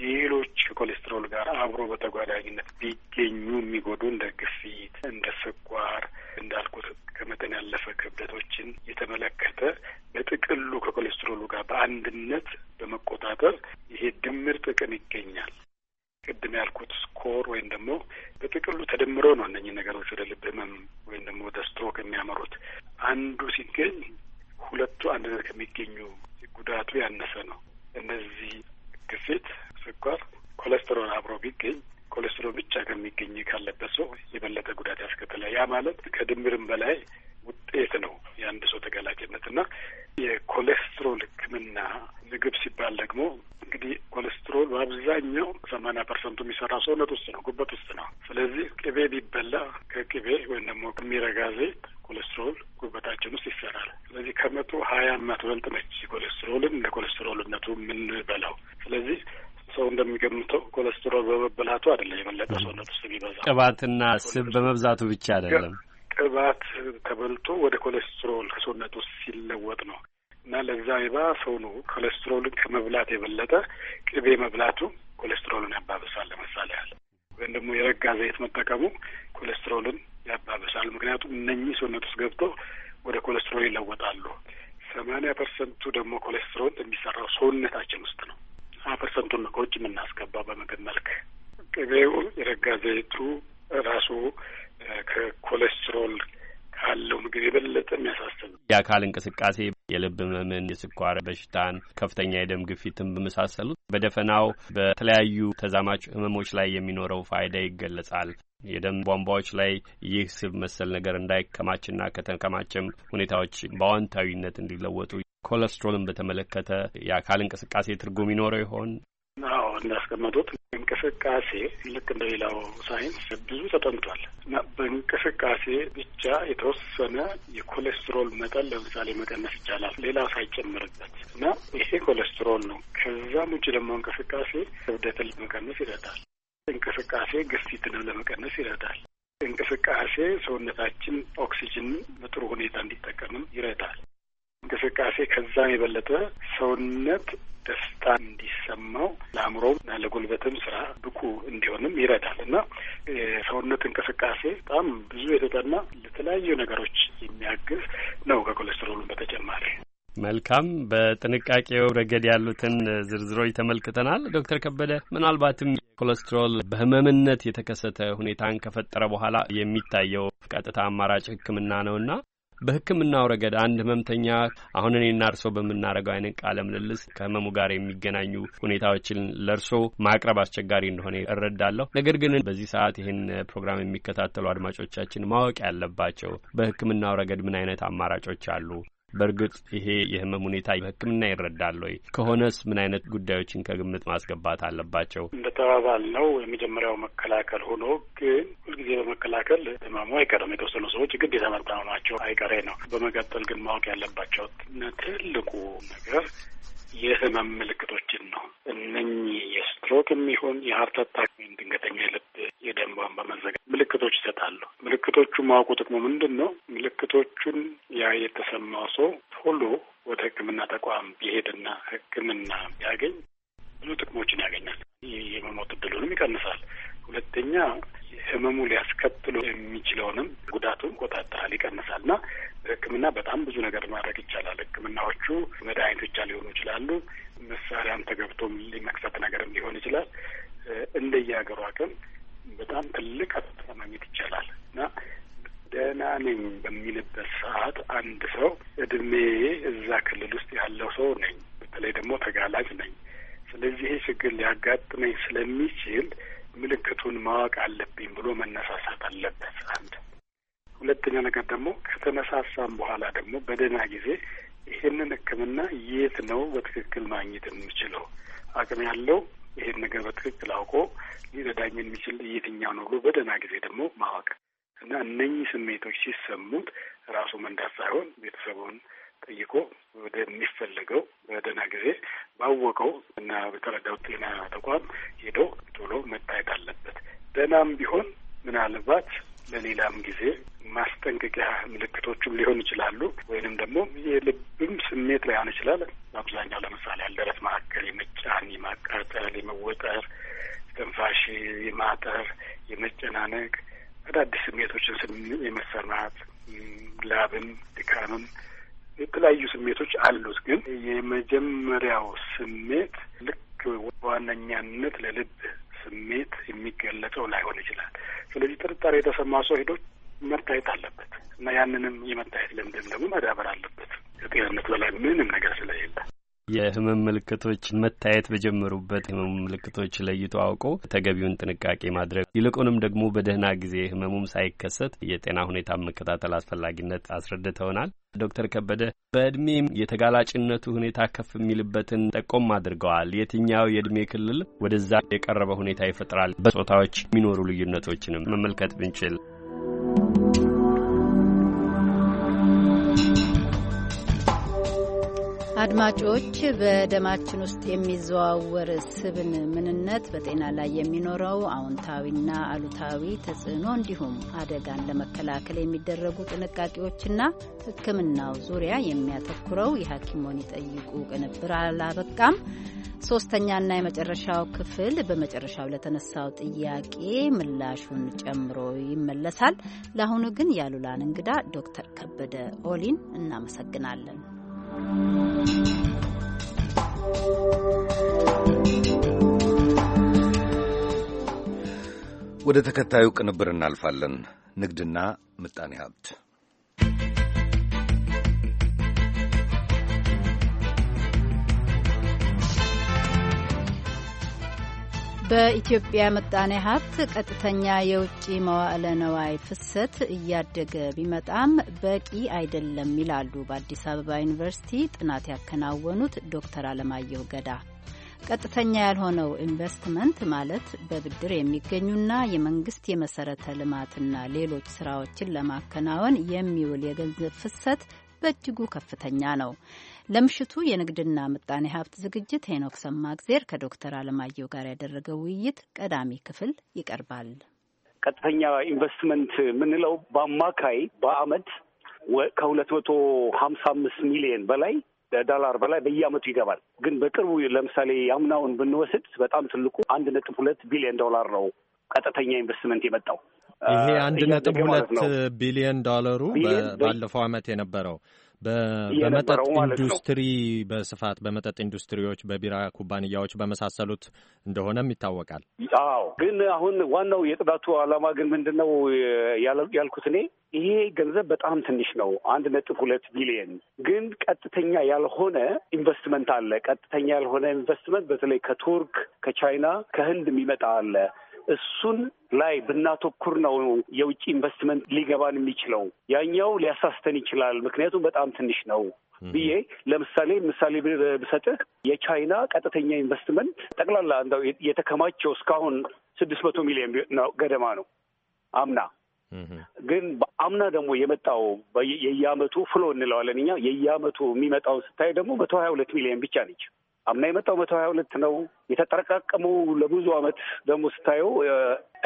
ሌሎች ከኮሌስትሮል ጋር አብሮ በተጓዳኝነት ቢገኙ የሚጎዱ እንደ ግፊት፣ እንደ ስኳር እንዳልኩት ከመጠን ያለፈ ክብደቶችን የተመለከተ በጥቅሉ ከኮሌስትሮሉ ጋር በአንድነት በመቆጣጠር ይሄ ድምር ጥቅም ይገኛል። ቅድም ያልኩት ስኮር ወይም ደግሞ በጥቅሉ ተደምረው ነው እነኚህ ነገሮች ወደ ልብ ህመም ወይም ደግሞ ወደ ስትሮክ የሚያመሩት። አንዱ ሲገኝ ሁለቱ አንድነት ከሚገኙ ጉዳቱ ያነሰ ነው። እነዚህ ግፊት፣ ስኳር፣ ኮሌስትሮል አብሮ ቢገኝ ኮሌስትሮል ብቻ ከሚገኝ ካለበት ሰው የበለጠ ጉዳት ያስከትላል። ያ ማለት ከድምርም በላይ ውጤት ነው የአንድ ሰው ተጋላጭነት እና የኮሌስትሮል ሕክምና ምግብ ሲባል ደግሞ እንግዲህ ኮሌስትሮል በአብዛኛው ሰማንያ ፐርሰንቱ የሚሰራ ሰውነት ውስጥ ነው፣ ጉበት ውስጥ ነው። ስለዚህ ቅቤ ቢበላ ከቅቤ ወይም ደግሞ ከሚረጋ ዘይት ኮሌስትሮል ጉበታችን ውስጥ ይሰራል። ስለዚህ ከመቶ ሀያ የማትበልጥ ነች ኮሌስትሮልን እንደ ኮሌስትሮልነቱ የምንበላው። ስለዚህ ሰው እንደሚገምተው ኮሌስትሮል በመበላቱ አይደለም የበለጠ ሰውነት ውስጥ የሚበዛ ቅባትና ስብ በመብዛቱ ብቻ አይደለም። ቅባት ተበልቶ ወደ ኮሌስትሮል ከሰውነት ውስጥ ሲለወጥ ነው እና ለዛ ይባ ሰው ነው ኮሌስትሮልን ከመብላት የበለጠ ቅቤ መብላቱ ኮሌስትሮልን ያባብሳል። ለምሳሌ ያለ ወይም ደግሞ የረጋ ዘይት መጠቀሙ ኮሌስትሮልን ያባበሳል። ምክንያቱም እነኚህ ሰውነት ውስጥ ገብቶ ወደ ኮሌስትሮል ይለወጣሉ። ሰማኒያ ፐርሰንቱ ደግሞ ኮሌስትሮል የሚሰራው ሰውነታችን ውስጥ ነው። ሀያ ፐርሰንቱን ነው ከውጭ የምናስገባው በምግብ መልክ። ቅቤው፣ የረጋ ዘይቱ ራሱ ከኮሌስትሮል ካለው ምግብ የበለጠ የሚያሳስብ ነው። የአካል እንቅስቃሴ የልብ ህመምን፣ የስኳር በሽታን፣ ከፍተኛ የደም ግፊትን በመሳሰሉት በደፈናው በተለያዩ ተዛማች ህመሞች ላይ የሚኖረው ፋይዳ ይገለጻል። የደም ቧንቧዎች ላይ ይህ ስብ መሰል ነገር እንዳይከማችና ከተከማችም ሁኔታዎች በአዋንታዊነት እንዲለወጡ። ኮለስትሮልን በተመለከተ የአካል እንቅስቃሴ ትርጉም ይኖረው ይሆን? እንዳስቀመጡት እንቅስቃሴ ልክ እንደሌላው ሳይንስ ብዙ ተጠንቷል እና በእንቅስቃሴ ብቻ የተወሰነ የኮሌስትሮል መጠን ለምሳሌ መቀነስ ይቻላል፣ ሌላ ሳይጨምርበት እና ይሄ ኮሌስትሮል ነው። ከዛም ውጭ ደግሞ እንቅስቃሴ ክብደትን ለመቀነስ ይረዳል። እንቅስቃሴ ግፊትንም ለመቀነስ ይረዳል። እንቅስቃሴ ሰውነታችን ኦክሲጅን በጥሩ ሁኔታ እንዲጠቀምም ይረዳል። እንቅስቃሴ ከዛም የበለጠ ሰውነት ደስታ እንዲሰማው ለአእምሮም ለጉልበትም ስራ ብቁ እንዲሆንም ይረዳል እና የሰውነት እንቅስቃሴ በጣም ብዙ የተጠና ለተለያዩ ነገሮች የሚያግዝ ነው ከኮሌስትሮሉም በተጨማሪ። መልካም በጥንቃቄው ረገድ ያሉትን ዝርዝሮች ተመልክተናል። ዶክተር ከበደ ምናልባትም ኮሌስትሮል በህመምነት የተከሰተ ሁኔታን ከፈጠረ በኋላ የሚታየው ቀጥታ አማራጭ ሕክምና ነውና በሕክምናው ረገድ አንድ ህመምተኛ አሁን እኔና እርሶ በምናደርገው አይነት ቃለ ምልልስ ከህመሙ ጋር የሚገናኙ ሁኔታዎችን ለእርሶ ማቅረብ አስቸጋሪ እንደሆነ እረዳለሁ። ነገር ግን በዚህ ሰዓት ይህን ፕሮግራም የሚከታተሉ አድማጮቻችን ማወቅ ያለባቸው በሕክምናው ረገድ ምን አይነት አማራጮች አሉ? በእርግጥ ይሄ የህመም ሁኔታ በሕክምና ይረዳል ወይ? ከሆነስ ምን አይነት ጉዳዮችን ከግምት ማስገባት አለባቸው? ነው የመጀመሪያው መከላከል ሆኖ ግን ሁልጊዜ በመከላከል ህመሙ አይቀርም። የተወሰኑ ሰዎች ግዴታ መታመማቸው አይቀሬ ነው። በመቀጠል ግን ማወቅ ያለባቸው ትልቁ ነገር የህመም ምልክቶችን ነው። እነኚህ የስትሮክ የሚሆን የሀርት አታክ ወይም ድንገተኛ የልብ የደም ቧንቧ መዘጋት ምልክቶች ይሰጣሉ። ምልክቶቹ ማወቁ ጥቅሙ ምንድን ነው? ምልክቶቹን ያ የተሰማው ሰው ቶሎ ወደ ሕክምና ተቋም ቢሄድና ሕክምና ቢያገኝ ብዙ ጥቅሞችን ያገኛል። የመሞት እድሉንም ይቀንሳል። ሁለተኛ ህመሙ ሊያስከትሉ የሚችለውንም ጉዳቱን ቆጣጠራል፣ ይቀንሳል እና ህክምና በጣም ብዙ ነገር ማድረግ ይቻላል። ህክምናዎቹ መድኃኒቶቻ ሊሆኑ ይችላሉ። መሳሪያም ተገብቶም ሊመክሰት ነገርም ሊሆን ይችላል። እንደየ ሀገሩ አቅም በጣም ትልቅ አስተማማኝ ማግኘት ይቻላል እና ደህና ነኝ በሚልበት ሰዓት አንድ ሰው እድሜ እዛ ክልል ውስጥ ያለው ሰው ነኝ፣ በተለይ ደግሞ ተጋላጭ ነኝ፣ ስለዚህ ይህ ችግር ሊያጋጥመኝ ስለሚችል ማወቅ አለብኝ ብሎ መነሳሳት አለበት። አንድ ሁለተኛ ነገር ደግሞ ከተነሳሳም በኋላ ደግሞ በደህና ጊዜ ይህንን ሕክምና የት ነው በትክክል ማግኘት የምችለው አቅም ያለው ይሄን ነገር በትክክል አውቆ ሊረዳኝ የሚችል የትኛው ነው ብሎ በደህና ጊዜ ደግሞ ማወቅ እና እነኚህ ስሜቶች ሲሰሙት ራሱ መንዳት ሳይሆን ቤተሰቡን ጠይቆ ወደሚፈለገው በደህና ጊዜ ባወቀው እና በተረዳው ጤና ተቋም ሄዶ ቶሎ መታየት አለበት። ደህናም ቢሆን ምናልባት ለሌላም ጊዜ ማስጠንቀቂያ ምልክቶቹም ሊሆን ይችላሉ። ወይንም ደግሞ የልብም ስሜት ላይሆን ይችላል። በአብዛኛው ለምሳሌ አልደረት መካከል የመጫን፣ የማቃጠል፣ የመወጠር፣ ትንፋሽ የማጠር፣ የመጨናነቅ አዳዲስ ስሜቶችን የመሰማት ላብም ድካምም የተለያዩ ስሜቶች አሉት። ግን የመጀመሪያው ስሜት ልክ በዋነኛነት ለልብ ስሜት የሚገለጸው ላይሆን ይችላል። ስለዚህ ጥርጣሬ የተሰማ ሰው ሄዶ መታየት አለበት እና ያንንም የመታየት ልምድም ደግሞ መዳበር አለበት። ከጤንነት በላይ ምንም ነገር ስለሌለ የህመም ምልክቶች መታየት በጀመሩበት ህመሙ ምልክቶች ለይቶ አውቆ ተገቢውን ጥንቃቄ ማድረግ ይልቁንም ደግሞ በደህና ጊዜ ህመሙም ሳይከሰት የጤና ሁኔታ መከታተል አስፈላጊነት አስረድተውናል። ዶክተር ከበደ በእድሜም የተጋላጭነቱ ሁኔታ ከፍ የሚልበትን ጠቆም አድርገዋል። የትኛው የእድሜ ክልል ወደዛ የቀረበ ሁኔታ ይፈጥራል? በጾታዎች የሚኖሩ ልዩነቶችንም መመልከት ብንችል አድማጮች በደማችን ውስጥ የሚዘዋወር ስብን ምንነት፣ በጤና ላይ የሚኖረው አዎንታዊና አሉታዊ ተጽዕኖ እንዲሁም አደጋን ለመከላከል የሚደረጉ ጥንቃቄዎችና ሕክምናው ዙሪያ የሚያተኩረው የሐኪሞን ይጠይቁ ቅንብር አላበቃም። ሶስተኛና የመጨረሻው ክፍል በመጨረሻው ለተነሳው ጥያቄ ምላሹን ጨምሮ ይመለሳል። ለአሁኑ ግን ያሉላን እንግዳ ዶክተር ከበደ ኦሊን እናመሰግናለን። ወደ ተከታዩ ቅንብር እናልፋለን። ንግድና ምጣኔ ሀብት በኢትዮጵያ ምጣኔ ሀብት ቀጥተኛ የውጭ መዋዕለ ነዋይ ፍሰት እያደገ ቢመጣም በቂ አይደለም ይላሉ በአዲስ አበባ ዩኒቨርሲቲ ጥናት ያከናወኑት ዶክተር አለማየሁ ገዳ። ቀጥተኛ ያልሆነው ኢንቨስትመንት ማለት በብድር የሚገኙና የመንግስት የመሰረተ ልማትና ሌሎች ስራዎችን ለማከናወን የሚውል የገንዘብ ፍሰት በእጅጉ ከፍተኛ ነው። ለምሽቱ የንግድና ምጣኔ ሀብት ዝግጅት ሄኖክ ሰማእግዜር ከዶክተር አለማየሁ ጋር ያደረገው ውይይት ቀዳሚ ክፍል ይቀርባል። ቀጥተኛ ኢንቨስትመንት የምንለው በአማካይ በአመት ከሁለት መቶ ሀምሳ አምስት ሚሊየን በላይ ዶላር በላይ በየአመቱ ይገባል። ግን በቅርቡ ለምሳሌ ያምናውን ብንወስድ በጣም ትልቁ አንድ ነጥብ ሁለት ቢሊዮን ዶላር ነው ቀጥተኛ ኢንቨስትመንት የመጣው። ይሄ አንድ ነጥብ ሁለት ቢሊዮን ዶላሩ ባለፈው አመት የነበረው በመጠጥ ኢንዱስትሪ በስፋት በመጠጥ ኢንዱስትሪዎች፣ በቢራ ኩባንያዎች በመሳሰሉት እንደሆነም ይታወቃል። አዎ፣ ግን አሁን ዋናው የጥናቱ ዓላማ ግን ምንድን ነው ያልኩት እኔ ይሄ ገንዘብ በጣም ትንሽ ነው፣ አንድ ነጥብ ሁለት ቢሊየን ግን ቀጥተኛ ያልሆነ ኢንቨስትመንት አለ። ቀጥተኛ ያልሆነ ኢንቨስትመንት በተለይ ከቱርክ፣ ከቻይና፣ ከህንድ የሚመጣ አለ። እሱን ላይ ብናተኩር ነው የውጭ ኢንቨስትመንት ሊገባን የሚችለው። ያኛው ሊያሳስተን ይችላል፣ ምክንያቱም በጣም ትንሽ ነው ብዬ ለምሳሌ ምሳሌ ብሰጥህ የቻይና ቀጥተኛ ኢንቨስትመንት ጠቅላላ እንደው የተከማቸው እስካሁን ስድስት መቶ ሚሊዮን ገደማ ነው አምና ግን በአምና ደግሞ የመጣው የየአመቱ ፍሎ እንለዋለን እኛ የየአመቱ የሚመጣውን ስታይ ደግሞ መቶ ሀያ ሁለት ሚሊዮን ብቻ ነች። አምና የመጣው መቶ ሀያ ሁለት ነው የተጠረቃቀመው ለብዙ አመት ደግሞ ስታየው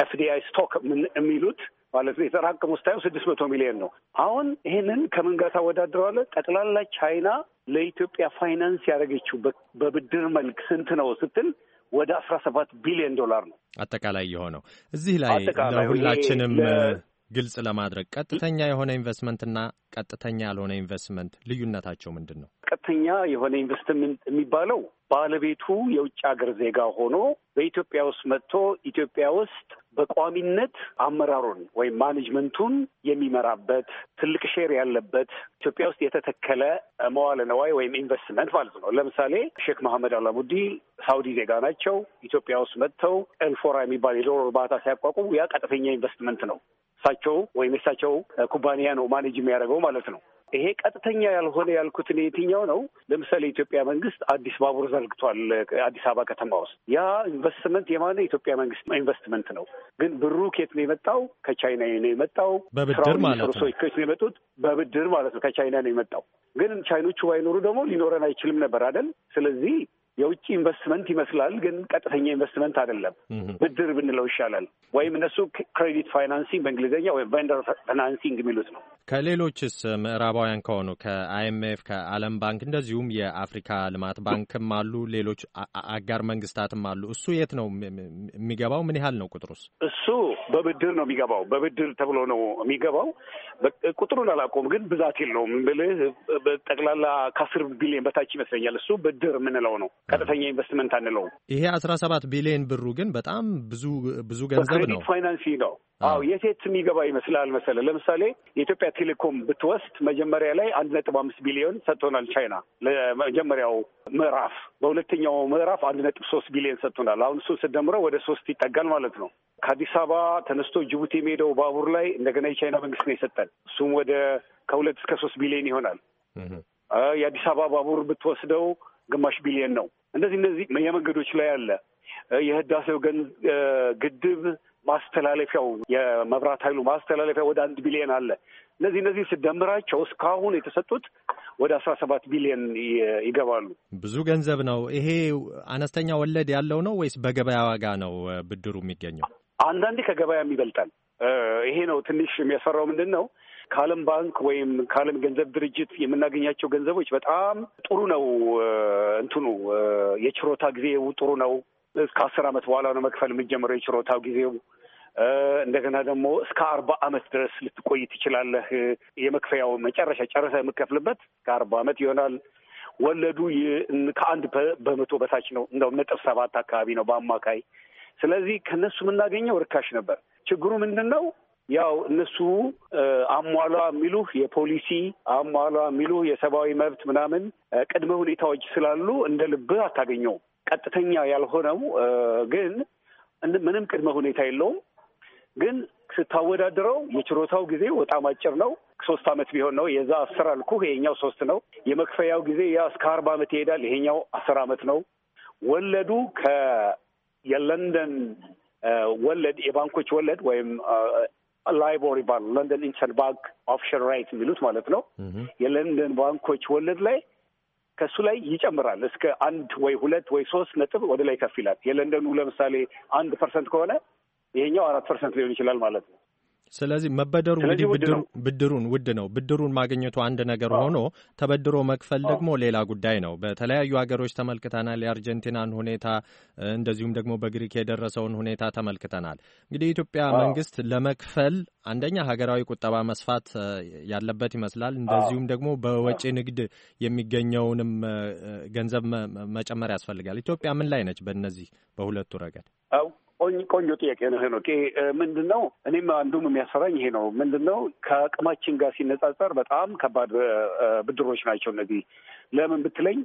ኤፍዲአይ ስቶክ የሚሉት ማለት ነው የተጠራቀሙ ስታየው ስድስት መቶ ሚሊዮን ነው። አሁን ይህንን ከምን ጋር ታወዳድረዋለ? ጠቅላላ ቻይና ለኢትዮጵያ ፋይናንስ ያደረገችው በብድር መልክ ስንት ነው ስትል ወደ አስራ ሰባት ቢሊዮን ዶላር ነው አጠቃላይ የሆነው እዚህ ላይ ለሁላችንም ግልጽ ለማድረግ ቀጥተኛ የሆነ ኢንቨስትመንትና ቀጥተኛ ያልሆነ ኢንቨስትመንት ልዩነታቸው ምንድን ነው? ቀጥተኛ የሆነ ኢንቨስትመንት የሚባለው ባለቤቱ የውጭ ሀገር ዜጋ ሆኖ በኢትዮጵያ ውስጥ መጥቶ ኢትዮጵያ ውስጥ በቋሚነት አመራሩን ወይም ማኔጅመንቱን የሚመራበት ትልቅ ሼር ያለበት ኢትዮጵያ ውስጥ የተተከለ መዋለ ነዋይ ወይም ኢንቨስትመንት ማለት ነው። ለምሳሌ ሼክ መሐመድ አላሙዲ ሳውዲ ዜጋ ናቸው። ኢትዮጵያ ውስጥ መጥተው ኤልፎራ የሚባል የዶሮ እርባታ ሲያቋቁሙ ያ ቀጥተኛ ኢንቨስትመንት ነው። እሳቸው ወይም የሳቸው ኩባንያ ነው ማኔጅ የሚያደርገው ማለት ነው። ይሄ ቀጥተኛ ያልሆነ ያልኩትን የትኛው ነው? ለምሳሌ የኢትዮጵያ መንግስት አዲስ ባቡር ዘርግቷል አዲስ አበባ ከተማ ውስጥ። ያ ኢንቨስትመንት የማነ የኢትዮጵያ መንግስት ኢንቨስትመንት ነው። ግን ብሩ ኬት ነው የመጣው? ከቻይና ነው የመጣው። በብድር ማለት ነው። ሰዎች ኬት ነው የመጡት? በብድር ማለት ነው። ከቻይና ነው የመጣው። ግን ቻይኖቹ ባይኖሩ ደግሞ ሊኖረን አይችልም ነበር አይደል? ስለዚህ የውጭ ኢንቨስትመንት ይመስላል፣ ግን ቀጥተኛ ኢንቨስትመንት አይደለም። ብድር ብንለው ይሻላል። ወይም እነሱ ክሬዲት ፋይናንሲንግ በእንግሊዝኛ ወይም ቬንደር ፋይናንሲንግ የሚሉት ነው። ከሌሎችስ ምዕራባውያን ከሆኑ ከአይኤምኤፍ፣ ከዓለም ባንክ እንደዚሁም የአፍሪካ ልማት ባንክም አሉ፣ ሌሎች አጋር መንግስታትም አሉ። እሱ የት ነው የሚገባው? ምን ያህል ነው ቁጥሩስ? እሱ በብድር ነው የሚገባው። በብድር ተብሎ ነው የሚገባው። ቁጥሩን አላውቀውም፣ ግን ብዛት የለውም ብልህ ጠቅላላ ከአስር ቢሊዮን በታች ይመስለኛል። እሱ ብድር የምንለው ነው። ቀጥተኛ ኢንቨስትመንት አንለውም። ይሄ አስራ ሰባት ቢሊዮን ብሩ ግን በጣም ብዙ ብዙ ገንዘብ ነው። ክሬዲት ፋይናንሲንግ ነው። አዎ የሴት የሚገባ ይመስላል መሰለ። ለምሳሌ የኢትዮጵያ ቴሌኮም ብትወስድ መጀመሪያ ላይ አንድ ነጥብ አምስት ቢሊዮን ሰጥቶናል ቻይና ለመጀመሪያው ምዕራፍ። በሁለተኛው ምዕራፍ አንድ ነጥብ ሶስት ቢሊዮን ሰጥቶናል። አሁን እሱን ስደምረው ወደ ሶስት ይጠጋል ማለት ነው። ከአዲስ አበባ ተነስቶ ጅቡቲ የሚሄደው ባቡር ላይ እንደገና የቻይና መንግስት ነው የሰጠን። እሱም ወደ ከሁለት እስከ ሶስት ቢሊዮን ይሆናል። የአዲስ አበባ ባቡር ብትወስደው ግማሽ ቢሊየን ነው። እነዚህ እነዚህ የመንገዶች ላይ አለ የህዳሴው ግድብ ማስተላለፊያው የመብራት ኃይሉ ማስተላለፊያ ወደ አንድ ቢሊየን አለ። እነዚህ እነዚህ ስደምራቸው እስካሁን የተሰጡት ወደ አስራ ሰባት ቢሊየን ይገባሉ። ብዙ ገንዘብ ነው። ይሄ አነስተኛ ወለድ ያለው ነው ወይስ በገበያ ዋጋ ነው ብድሩ የሚገኘው? አንዳንዴ ከገበያም ይበልጣል። ይሄ ነው ትንሽ የሚያስፈራው። ምንድን ነው ከዓለም ባንክ ወይም ከዓለም ገንዘብ ድርጅት የምናገኛቸው ገንዘቦች በጣም ጥሩ ነው። እንትኑ የችሮታ ጊዜው ጥሩ ነው። እስከ አስር ዓመት በኋላ ነው መክፈል የምጀምረው የችሮታው ጊዜው። እንደገና ደግሞ እስከ አርባ ዓመት ድረስ ልትቆይ ትችላለህ። የመክፈያው መጨረሻ ጨረሰ የምከፍልበት እስከ አርባ ዓመት ይሆናል። ወለዱ ከአንድ በመቶ በታች ነው። እንደውም ነጥብ ሰባት አካባቢ ነው በአማካይ። ስለዚህ ከነሱ የምናገኘው ርካሽ ነበር። ችግሩ ምንድን ነው? ያው እነሱ አሟላ የሚሉህ የፖሊሲ አሟላ የሚሉህ የሰብአዊ መብት ምናምን ቅድመ ሁኔታዎች ስላሉ እንደ ልብህ አታገኘው። ቀጥተኛ ያልሆነው ግን ምንም ቅድመ ሁኔታ የለውም። ግን ስታወዳድረው የችሮታው ጊዜ በጣም አጭር ነው። ሶስት ዓመት ቢሆን ነው የዛ አስር አልኩ። ይሄኛው ሶስት ነው። የመክፈያው ጊዜ ያ እስከ አርባ ዓመት ይሄዳል፣ ይሄኛው አስር ዓመት ነው። ወለዱ ከየለንደን ወለድ የባንኮች ወለድ ወይም ላይቦሪ ባሉ ለንደን ኢንተር ባንክ ኦፕሽን ራይት የሚሉት ማለት ነው። የለንደን ባንኮች ወለድ ላይ ከእሱ ላይ ይጨምራል እስከ አንድ ወይ ሁለት ወይ ሶስት ነጥብ ወደ ላይ ከፍ ይላል። የለንደኑ ለምሳሌ አንድ ፐርሰንት ከሆነ ይሄኛው አራት ፐርሰንት ሊሆን ይችላል ማለት ነው። ስለዚህ መበደሩ እንግዲህ ብድሩን ውድ ነው። ብድሩን ማግኘቱ አንድ ነገር ሆኖ ተበድሮ መክፈል ደግሞ ሌላ ጉዳይ ነው። በተለያዩ ሀገሮች ተመልክተናል። የአርጀንቲናን ሁኔታ እንደዚሁም ደግሞ በግሪክ የደረሰውን ሁኔታ ተመልክተናል። እንግዲህ የኢትዮጵያ መንግስት ለመክፈል አንደኛ ሀገራዊ ቁጠባ መስፋት ያለበት ይመስላል። እንደዚሁም ደግሞ በወጪ ንግድ የሚገኘውንም ገንዘብ መጨመር ያስፈልጋል። ኢትዮጵያ ምን ላይ ነች በእነዚህ በሁለቱ ረገድ? ቆኝ ቆንጆ ጥያቄ ነው። ሄኖክ ምንድን ነው እኔም አንዱም የሚያሰራኝ ይሄ ነው። ምንድን ነው ከአቅማችን ጋር ሲነጻጸር በጣም ከባድ ብድሮች ናቸው እነዚህ። ለምን ብትለኝ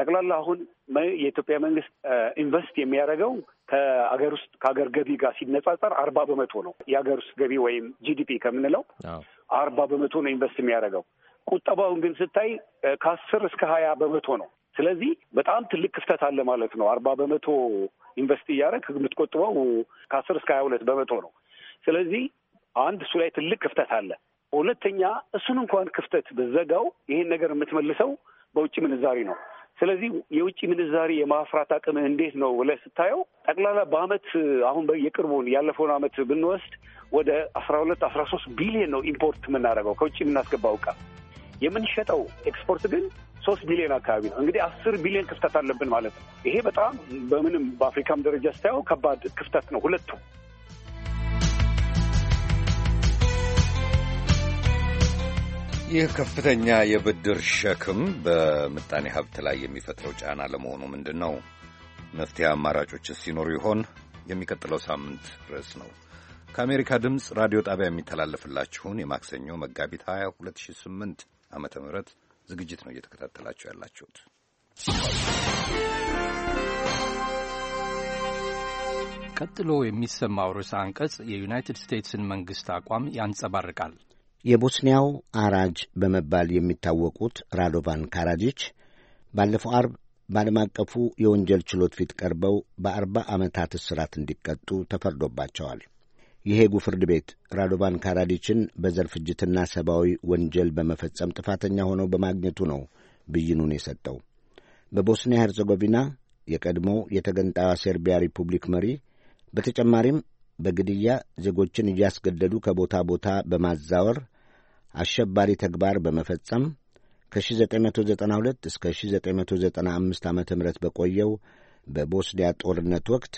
ጠቅላላ አሁን የኢትዮጵያ መንግስት ኢንቨስት የሚያደርገው ከአገር ውስጥ ከሀገር ገቢ ጋር ሲነጻጸር አርባ በመቶ ነው። የሀገር ውስጥ ገቢ ወይም ጂዲፒ ከምንለው አርባ በመቶ ነው ኢንቨስት የሚያደርገው። ቁጠባውን ግን ስታይ ከአስር እስከ ሀያ በመቶ ነው። ስለዚህ በጣም ትልቅ ክፍተት አለ ማለት ነው። አርባ በመቶ ኢንቨስት እያደረግ የምትቆጥበው ከአስር እስከ ሀያ ሁለት በመቶ ነው። ስለዚህ አንድ እሱ ላይ ትልቅ ክፍተት አለ። ሁለተኛ እሱን እንኳን ክፍተት ብዘጋው ይሄን ነገር የምትመልሰው በውጭ ምንዛሪ ነው። ስለዚህ የውጭ ምንዛሪ የማፍራት አቅም እንዴት ነው ብለህ ስታየው ጠቅላላ በአመት አሁን የቅርቡን ያለፈውን አመት ብንወስድ ወደ አስራ ሁለት አስራ ሶስት ቢሊየን ነው ኢምፖርት የምናደርገው ከውጭ የምናስገባው ዕቃ የምንሸጠው ኤክስፖርት ግን ሶስት ቢሊዮን አካባቢ ነው። እንግዲህ አስር ቢሊዮን ክፍተት አለብን ማለት ነው። ይሄ በጣም በምንም በአፍሪካም ደረጃ ስታየው ከባድ ክፍተት ነው ሁለቱ ይህ ከፍተኛ የብድር ሸክም በምጣኔ ሀብት ላይ የሚፈጥረው ጫና ለመሆኑ ምንድን ነው? መፍትሄ አማራጮች ሲኖሩ ይሆን? የሚቀጥለው ሳምንት ርዕስ ነው። ከአሜሪካ ድምፅ ራዲዮ ጣቢያ የሚተላለፍላችሁን የማክሰኞ መጋቢት 20 2008 ዓመተ ምህረት ዝግጅት ነው እየተከታተላችሁ ያላችሁት። ቀጥሎ የሚሰማው ርዕሰ አንቀጽ የዩናይትድ ስቴትስን መንግሥት አቋም ያንጸባርቃል። የቦስኒያው አራጅ በመባል የሚታወቁት ራዶቫን ካራዲች ባለፈው አርብ በዓለም አቀፉ የወንጀል ችሎት ፊት ቀርበው በአርባ ዓመታት እስራት እንዲቀጡ ተፈርዶባቸዋል። የሄጉ ፍርድ ቤት ራዶቫን ካራዲችን በዘር ፍጅትና ሰብአዊ ወንጀል በመፈጸም ጥፋተኛ ሆነው በማግኘቱ ነው ብይኑን የሰጠው። በቦስኒያ ሄርዘጎቪና የቀድሞው የተገንጣዋ ሴርቢያ ሪፑብሊክ መሪ በተጨማሪም በግድያ ዜጎችን እያስገደዱ ከቦታ ቦታ በማዛወር አሸባሪ ተግባር በመፈጸም ከ1992 እስከ 1995 ዓ ም በቆየው በቦስኒያ ጦርነት ወቅት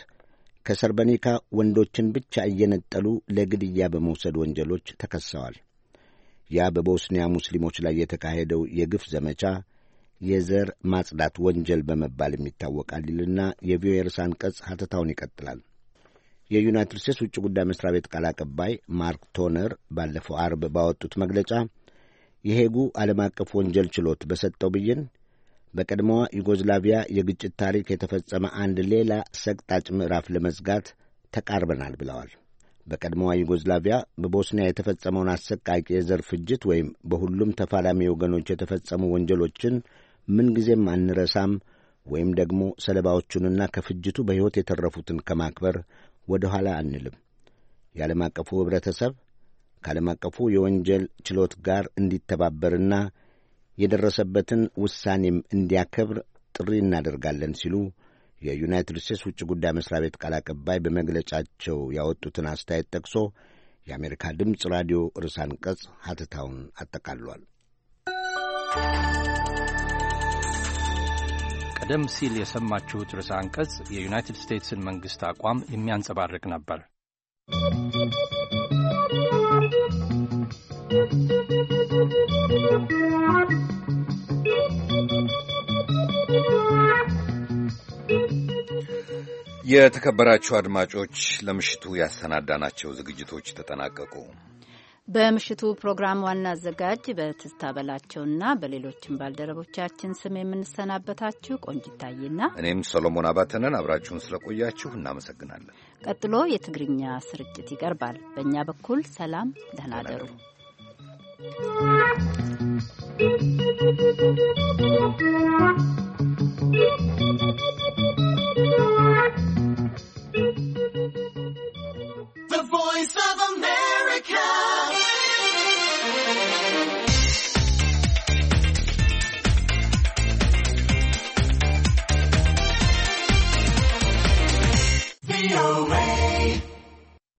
ከሰርበኔካ ወንዶችን ብቻ እየነጠሉ ለግድያ በመውሰድ ወንጀሎች ተከሰዋል። ያ በቦስኒያ ሙስሊሞች ላይ የተካሄደው የግፍ ዘመቻ የዘር ማጽዳት ወንጀል በመባልም ይታወቃል ይልና የቪኦኤ ርዕሰ አንቀጽ ሐተታውን ይቀጥላል። የዩናይትድ ስቴትስ ውጭ ጉዳይ መስሪያ ቤት ቃል አቀባይ ማርክ ቶነር ባለፈው አርብ ባወጡት መግለጫ የሄጉ ዓለም አቀፍ ወንጀል ችሎት በሰጠው ብይን በቀድሞዋ ዩጎዝላቪያ የግጭት ታሪክ የተፈጸመ አንድ ሌላ ሰቅጣጭ ምዕራፍ ለመዝጋት ተቃርበናል ብለዋል። በቀድሞዋ ዩጎዝላቪያ በቦስኒያ የተፈጸመውን አሰቃቂ የዘር ፍጅት ወይም በሁሉም ተፋላሚ ወገኖች የተፈጸሙ ወንጀሎችን ምንጊዜም አንረሳም ወይም ደግሞ ሰለባዎቹንና ከፍጅቱ በሕይወት የተረፉትን ከማክበር ወደ ኋላ አንልም። የዓለም አቀፉ ኅብረተሰብ ከዓለም አቀፉ የወንጀል ችሎት ጋር እንዲተባበርና የደረሰበትን ውሳኔም እንዲያከብር ጥሪ እናደርጋለን ሲሉ የዩናይትድ ስቴትስ ውጭ ጉዳይ መስሪያ ቤት ቃል አቀባይ በመግለጫቸው ያወጡትን አስተያየት ጠቅሶ የአሜሪካ ድምፅ ራዲዮ ርዕሰ አንቀጽ ሐተታውን አጠቃልሏል። ቀደም ሲል የሰማችሁት ርዕሰ አንቀጽ የዩናይትድ ስቴትስን መንግሥት አቋም የሚያንጸባርቅ ነበር። የተከበራችሁ አድማጮች ለምሽቱ ያሰናዳናቸው ዝግጅቶች ተጠናቀቁ። በምሽቱ ፕሮግራም ዋና አዘጋጅ በትዝታ በላቸውና በሌሎችም ባልደረቦቻችን ስም የምንሰናበታችሁ ቆንጅታይና እኔም ሰሎሞን አባተነን አብራችሁን ስለቆያችሁ እናመሰግናለን። ቀጥሎ የትግርኛ ስርጭት ይቀርባል። በእኛ በኩል ሰላም፣ ደህና Voice of America.